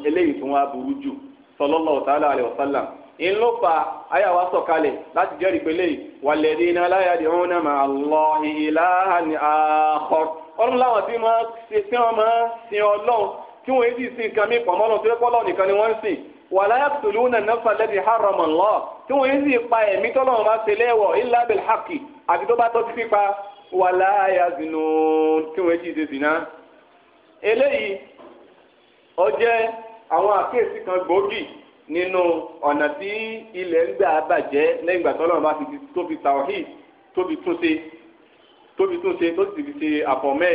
eléyìí tó wá burú jù sallallahu ta'ala alaihi wasallam in ló fa ayàwó sọ̀kalẹ̀ láti jẹ́rìí pé lẹ́yìn walladina la yad'una ma'a Allahi ilahan akhar ọdún láwọn tí wọ́n ṣe tí wọ́n máa sin ọlọ́run tí wọ́n èsì sin nǹkan mi pọ̀ mọ́lọ́ tó lẹ́kọ́ ọlọ́run nìkan ni wọ́n ń sìn wala yaqtuluna an-nafsa allati harrama Allah tí wọ́n èsì pa ẹ̀mí tọ́lọ́run bá ṣe léèwọ̀ illa bil haqqi àti tó bá tọ́ sí pípa wà láàyà zìnà tí wọ́n ti ṣe zìnà. eléyìí ó jẹ́ àwọn àkíyèsí kan gbòógì nínú ọ̀nà tí ilẹ̀ ń gbà bàjẹ́ lẹ́yìn ìgbà tó lọ́nà bá ti tó fi tawhid túnṣe tó túnṣe tó sì fi ṣe àfọ̀mẹ́.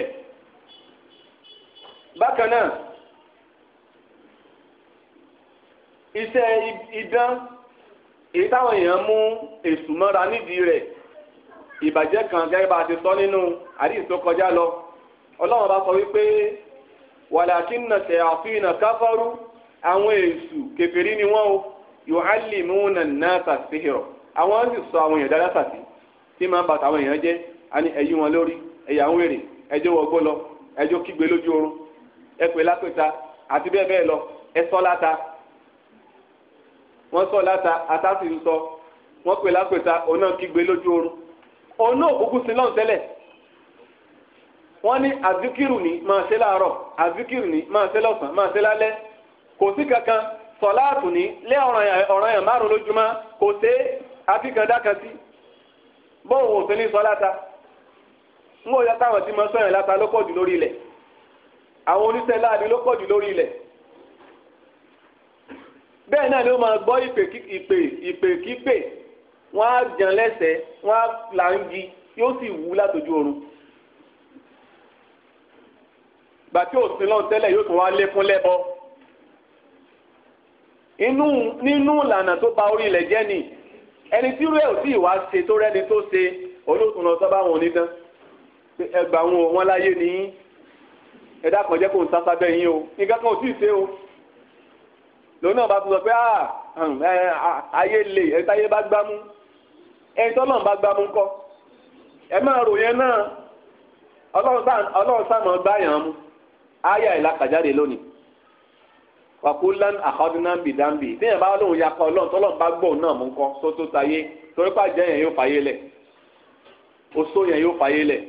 bákan náà iṣẹ́ idán èyí táwọn èèyàn mú èṣù mọ́ra nídìí rẹ̀ ìbàjẹ́ kan gẹ́gẹ́ bá a ti sọ nínú àdìs tó kọjá lọ ọlọ́run bá sọ wípé wàlàkínà ṣàfihàn káfárú àwọn èṣù kèfèrí ni wọ́n o yu'allimuna an-nasa sihra àwọn sì sọ àwọn èèyàn dáadáa sàtì tí máa ń bàtà àwọn èèyàn jẹ́ àní ẹ̀yí wọn lórí ẹ̀yà ń wèrè ẹjọ́ wọgbó lọ ẹjọ́ kígbe lójú oorun ẹ pè lápẹ̀ta àti bẹ́ẹ̀ bẹ́ẹ̀ lọ ẹ sọ láta wọ́n sọ láta ata ń sọ wọ́n pè lápẹ̀ta òun náà kígbe lójú oorun òun náà kúkú sí lọ́n tẹ́lẹ̀ wọ́n ní azikiru ní máa ṣe láàárọ̀ azikiru ní máa ṣe lọ́sàn-án máa ṣe lálẹ́ kò sí kankan sọ̀láàtù ní lé ọ̀ràn yàn márùn lójúmọ́ kò sí àfikàn dákan sí bóun ò sí ní sọ́láta ń wò yá táwọn tí mo sọ yẹn láta ló pọ̀ jù lórí ilẹ̀ àwọn oníṣẹ́ láàbí ló pọ̀ jù lórí ilẹ̀ bẹ́ẹ̀ náà ni ó máa gbọ́ ìpè kípè wọ́n á jẹun lẹ́sẹ̀ wọ́n á là ń gi yóò sì wú látọjú oorun gbàtí òsín lọ́n tẹ́lẹ̀ yóò tún wá lé fún lẹ́bọ inú nínú ìlànà tó ba orí ilẹ̀ jẹ́ ni ẹni tí rẹ̀ ò tí ì wá ṣe tó rẹ́ni tó ṣe olóòtú lọ sábà wọn nìkan ẹgbà wọn wọn láyé ní ẹ̀dá kan jẹ́ kó ń sáfá bẹ́ẹ̀ yín o nǹkan kan ò tí ì ṣe o lòun náà bá tún sọ pé ah, hmm, ayé lè ẹ̀ táyé bá gbámú ẹni tó lọ́n bá gbá mú kọ́ ẹ máa rò yẹn náà ọlọ́run sàmọ́ gbá yàn án mú áyà ìlàkàjáde lónìí wàkúlán àkọ́dúnàmbì dàmbì téèyàn bá lóun ya kọ́ ọlọ́run tọ́lọ́run bá gbọ́ náà mú kọ́ sótó tayé torí pàjẹ́ yẹn yóò fàyè lẹ̀ oṣó yẹn yóò fàyè lẹ̀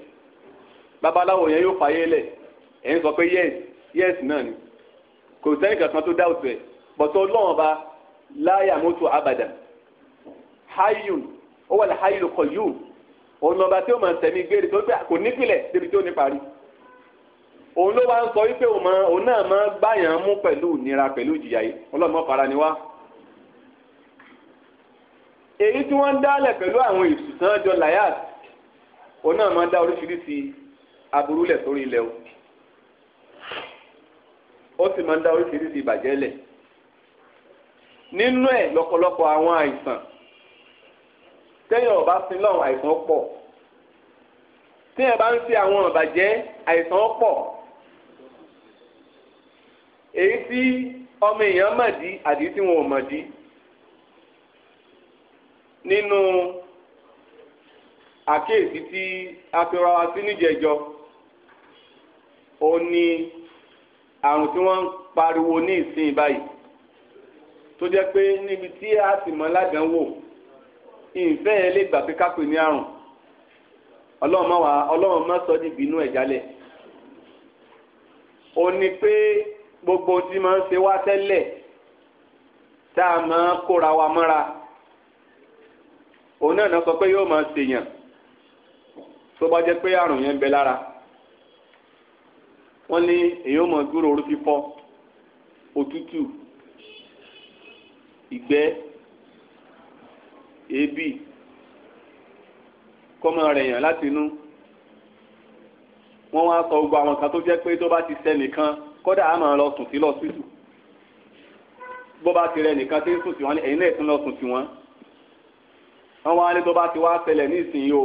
babaláwo yẹn yóò fàyè lẹ̀ ẹ̀yin sọ pé yẹ́s yẹ́s náà ni kò sẹ́yìn kankan tó dáwọ́ tó ẹ̀ bọ̀tọ̀ ọlọ́run ọba láyà mọ́tò abàdà hayun ó wà láhàyè lóko yóò òun lọba tí ó máa tẹ̀mí gbére tó gbé kò nípìnlẹ̀ débi tí ó ní parí òun ló wá ń sọ wípé òun náà máa gbàyàn mú pẹ̀lú ìnira pẹ̀lú ìjìyà yìí ọlọ́mọ fara ni wá. èyí tí wọ́n ń dálẹ̀ pẹ̀lú àwọn ìsùsàn jọ layat òun náà máa ń dá oríṣiríṣi aburú lẹ̀ sórí ilẹ̀ o ó sì máa ń dá oríṣiríṣi ìbàjẹ́ lẹ̀ nínú ẹ̀ lọ́pọ̀lọpọ̀ àwọn àìsàn téèyàn ò bá sin lọ́wọ́ àìsàn pọ̀ téèyàn bá ń ṣe àwọn ìbàjẹ́ àìsàn pọ̀ èyí tí ọmọ èèyàn mọ̀ dí àdí tí wọn ò mọ̀ dí nínú àkíyèsí tí a fi ra wa sí níjẹ̀jọ ó ní àrùn tí wọ́n ń pariwo ní ìsìn báyìí tó jẹ́ pé níbi tí a sì mọ́ ládàánwò ìfẹ́ ẹ lè gbà pé kápẹ́ ní àrùn ọlọ́run má wà ọlọ́run má sọ níbi inú ẹ̀ jálẹ̀ ó ní pé gbogbo tí máa ń ṣe wá tẹ́lẹ̀ tá a máa kóra wa mọ́ra òun náà náà sọ pé yóò máa ṣèyàn tó bá jẹ́ pé àrùn yẹn ń bẹ lára wọ́n ní èyí ó máa dúró orí fífọ́ òtútù ìgbẹ́ èébì kọ́mọ rẹ̀ yàn láti inú wọ́n wá sọ gbogbo àwọn kan tó jẹ́ pé tó bá ti sẹ́ nìkan kódà á máa lọ sùn sí lọ sísù bó bá ti rẹ nìkan tí ń sùn sí wọn ẹ̀yin náà tún lọ sùn sí wọn wọ́n wá ní tó bá ti wá ṣẹlẹ̀ ní ìsinyìí o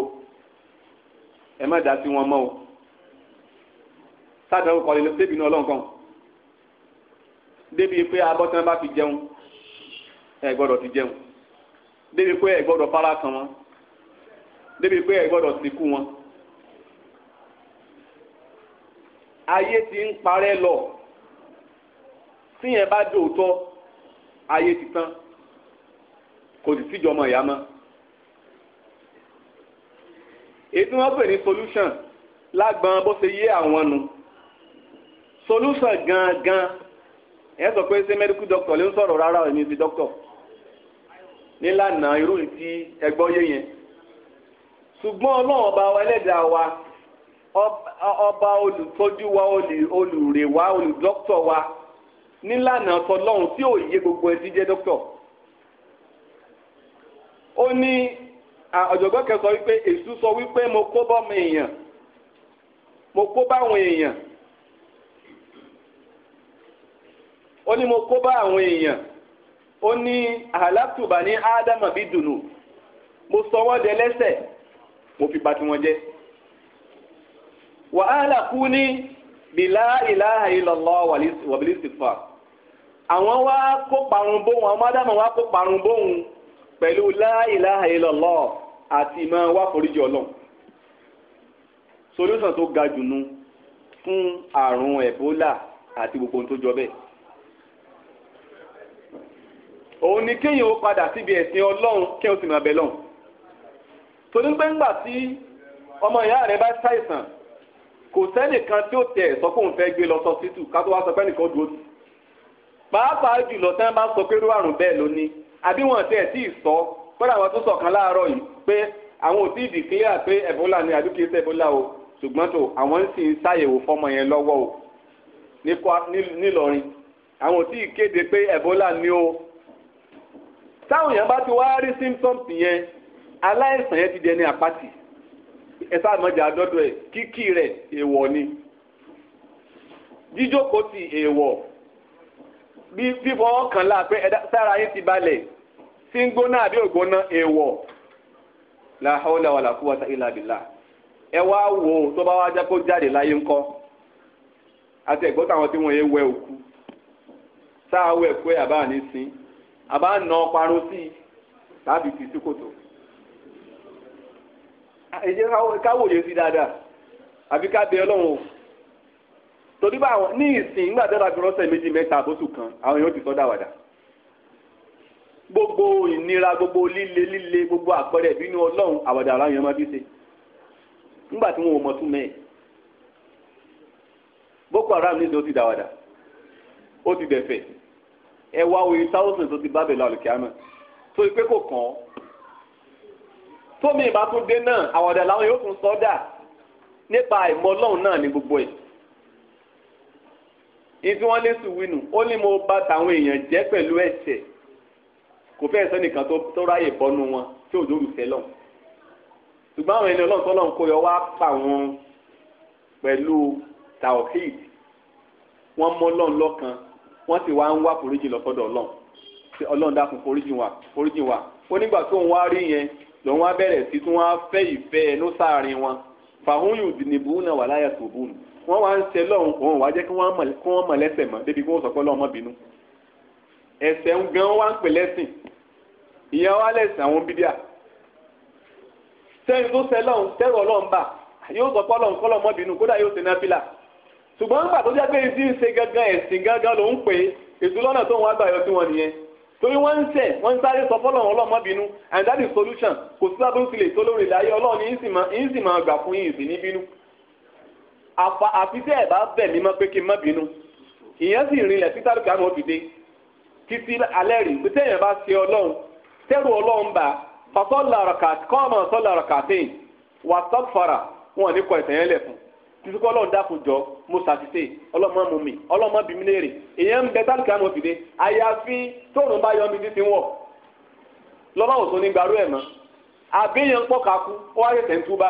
ẹ má dá sí wọn mọ́ o sáà tẹ́wọ́ kọ́lé débi náà lọ́nkàn débi pé abọ́tán bá fi jẹun ẹ gbọ́dọ̀ ti jẹun débi pé ẹ gbọ́dọ̀ fara kan wọn débi pé ẹ gbọ́dọ̀ sìnkú wọn. ayé ti ń parẹ́ lọ tíyẹn bá dòótọ́ ayé ti tán kò sì síjọ ọmọ ìyá mọ́. èyí tí wọ́n pè ní solution lágbọn bó ṣe yé àwọn nu solution gangan ẹ sọ pé ṣé medical doctor ló ń sọ̀rọ̀ rárá ẹ̀ ní ti doctor nílànà irú ìtí ẹgbọ́ yé yẹn ṣùgbọ́n ọlọ́run ọba wa ẹlẹ́dàá wa ọba olùtọ́jú wa olùrè wa olùdókítọ̀ wa nílànà tọlọ́run tí ò yé gbogbo ẹtí jẹ́ dókítọ̀ ó ní ọ̀jọ̀gbọ́n kẹsọ wípé èṣù sọ wípé mo kó bọ́mọ èèyàn mo kó báwọn èèyàn ó ní mo kó bá àwọn èèyàn ó ní àhàlàtùbà ní ádámà bí dùnú mo sọ wọ́n dẹ lẹ́sẹ̀ mo fi bà tiwọn jẹ́ wàhálà kú ní bìlá ìlàhà ìlọlọ wàbílísì fà àwọn wá kó parun bóhun àwọn ádámà wá kó parun bóhun pẹ̀lú láìláhà ìlọlọ àti ìmọ̀ wá foríjì ọlọ́run solúsàn tó ga jù nu fún àrùn ẹ̀bólà àti gbogbo ohun tó jọ bẹ́ẹ̀ òun ni kéèyàn ó padà síbi ẹ̀sìn ọlọ́run kí ó sì máa bẹ lọ́hùn torí pé ńgbà tí ọmọ ìyá rẹ bá ṣàìsàn kò sẹ́nìkan tí ó tẹ̀ sọ pé òun fẹ́ gbé lọ sọ títù ká tó wá sọ pé nìkan dúró tì pàápàá jùlọ tí wọ́n bá sọ pé irú àrùn bẹ́ẹ̀ ló ní àbí wọ́n tẹ̀ tí ì sọ pé àwọn tó sọ̀kan láàárọ̀ yìí pé àwọn ò tí ì dìklíà pé Ebola ni àbí kìí ṣe Ebola o ṣùgbọ́n tó àwọn sì ń ṣàyẹ̀wò fọ́mọ yẹn lọ́wọ́ o nílọrin àwọn ò tí ì kéde pé Ebola ni o táwọn èèyàn bá ti wá rí symptoms yẹn aláìsàn yẹn ti di ẹni àpáti ẹ sáà mọ̀jà àdọ́dọ̀ ẹ̀ kíkì rẹ̀ èèwọ̀ ni jíjókòó ti èèwọ̀ bí fífọwọ́ kan là pé ẹ̀dá sára yín ti balẹ̀ tí ń gbóná àbí ògbóná èèwọ̀ la hawla wala quwwata illa billah ẹ wá wo ó tó bá wá jẹ́ kó jáde láyé ńkọ́ àti ẹ̀gbọ́n táwọn tí wọ́n yé wẹ òkú sáà wẹ̀ pé àbá ní sin àbá nà ọparun sí i tàbí fi sí kòtò ẹ jẹ́ káwòye sí dáadáa àbí ká bẹ Ọlọ́run o torí bá àwọn ní ìsìn nígbà tó dábìí rọ́ṣẹ̀ méjì mẹ́ta àbóṣù kan àwọn yóò ti sọ dáwàdà gbogbo ìnira gbogbo líle líle gbogbo àpẹẹrẹ ìbínú Ọlọ́run àwàdà àwọn èèyàn máa bí ṣe nígbà tí wọn ò mọ tún mẹ́ẹ̀ Boko Haram ní ìsìn ti dáwàdà ó ti dẹ̀fẹ̀ ẹ wá oye thousand tó ti bá bẹ̀rẹ̀ lọ́ọ̀lù kíámẹ́ tó ipé kò kàn án tómi ìbá tún dé náà àwàdà làwọn yóò tún sọ dà nípa àìmọ̀ ọlọ́run náà ní gbogbo ẹ̀ ìfi wọn lé sùwínù ó ní mo bà tàwọn èèyàn jẹ́ pẹ̀lú ẹ̀ṣẹ̀ kò fẹ́ sẹ́nìkan tó ráyè bọ́nu wọn tí òjò olùfẹ́ lọ ṣùgbọ́n àwọn ẹni ọlọ́run tọ́lọ́run kó yọ wá pa wọn pẹ̀lú tawhid wọn mọ ọlọ́run lọ́kan wọ́n sì wá ń wá foríjì lọ́sọ́dọ̀ ọlọ́run ọlọ́run dákun foríjì wa foríjì wa ó nígbà tó ń wá rí yẹn lòun á bẹ̀rẹ̀ sí tí wọ́n á fẹ́ ìfẹ́ ẹnu sáàrin wọn fàhúnyù dìníbù náà wà láyà tó bùn wọ́n wá ń ṣe lọ́run òun wá jẹ́ kí wọ́n mọ̀ lẹ́sẹ̀ mọ́ débi kí wọ́n sọ pé ọlọ́run má bínú ẹ̀ṣẹ̀ ń gan wá ń pè lẹ́sìn ìyẹn wá lẹ́sìn àwọn bídíà sẹ́yìn tó ṣe lọ́run tẹ́rù ọlọ́run bà yóò sọ pé ọlọ́run kọ́ ọlọ́run má bínú kódà yóò ṣe náfìlà ṣùgbọ́n nígbà tó jẹ́ pé ti ń ṣe gangan ẹ̀sìn gangan ló ń pè é èso lọ́nà tó wọn àgbàyọ sí wọn nìyẹn torí wọ́n ń tẹ̀ wọ́n ń sáré sọ fọ́lọ́run ọlọ́mọ bínú and that is solution kò sí lábẹ́ òsì lè tó lórí ìdáyé ọlọ́run ní ìsìn máa gbà fún yìnyín sí ní bínú àfi tẹ́ ẹ̀ bá bẹ̀ mí mọ́ pé kí n má bínú ìyẹn sì rinlẹ̀ títí àdúgbò àmọ́ òdìdé títí alẹ́ rí pé tẹ́yìn bá ṣe ọlọ́run tẹ́rù ọlọ́run bá fàtọ́ làrọ̀kà kọ́ ọmọ sọ́ làrọ̀kà tẹ́yìn wà sọ́fàrà wọn ò ní kọ ìtẹ̀yẹ́lẹ̀ fún títí kọ́ ọlọ́run dákun jọ mo ṣàtìsẹ́ ọlọ́mọ mú mi ọlọ́mọ bí mi léèrè èèyàn ń bẹ tálíkà mọ̀ fìdé àyàfi tóòrùn bá yọ mi títí wọ̀ lọ́lá òsùn ní gbarú ẹ̀ mọ́ àbíyàn pọ̀ kakú ó wáyé tẹ̀ntúbá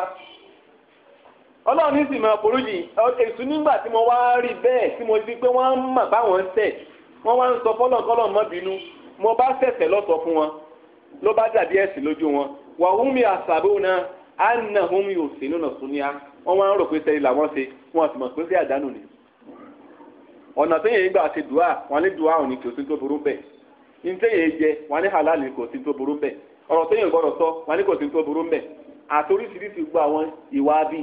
ọlọ́run ní sì máa polú yìí èsù nígbà tí mo wá rí bẹ́ẹ̀ tí mo ti pé wọ́n mà báwọn ń tẹ̀ wọ́n wá ń sọ fọ́lọ́nkọ́lọ́ mọ́ bínú mo bá ṣẹ̀ṣẹ̀ lọ́sọ̀ fún wọn ló bá dàbí ẹ̀sìn lójú wọn wàhùn mi àṣàbò náà ànàhùn mi ò wọ́n wá ń rò pé sẹ́yìn làwọn ṣe wọ́n sì mọ̀ pé sí àdánù ni ọ̀nà tẹ́yìn yìí gbà ṣe dùá wọn ní dùá òní kò sí tó burú bẹ́ẹ̀ ní tẹ́yìn jẹ wọn ní halal kò sí tó burú bẹ́ẹ̀ ọ̀rọ̀ tẹ́yìn gbọ́dọ̀ sọ wọn ní kò sí tó burú bẹ́ẹ̀ àti oríṣiríṣi gbọ́ àwọn ìwà bí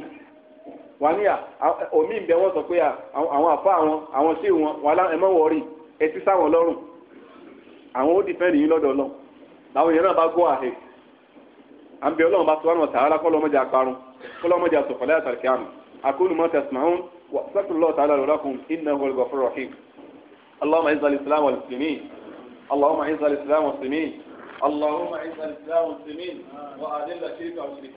wọn ní omi ń wọn sọ pé àwọn àfa àwọn àwọn ṣé wọn wọn ẹ mọ wọrí ẹ ti sáwọn lọ́rùn àwọn ó dìfẹ́ǹdì yín lọ́dọ̀ lọ làwọn èèyàn náà bá gbọ́ àhẹ àbí ọlọ́run bá tó wọn tààrà kọ́ lọ́mọdé àparun kọlọmọdé asọfọlẹ àtàlẹkẹ àmì akólu mọta sùmáhùn wà sàkùlọ tààlà lọlọkùn iná wọlùbọ fún rahim allahumma izza al-islam wal muslimin allahumma izza al-islam wal muslimin allahumma izza al-islam wal muslimin wa adilla shirka wal muslimin.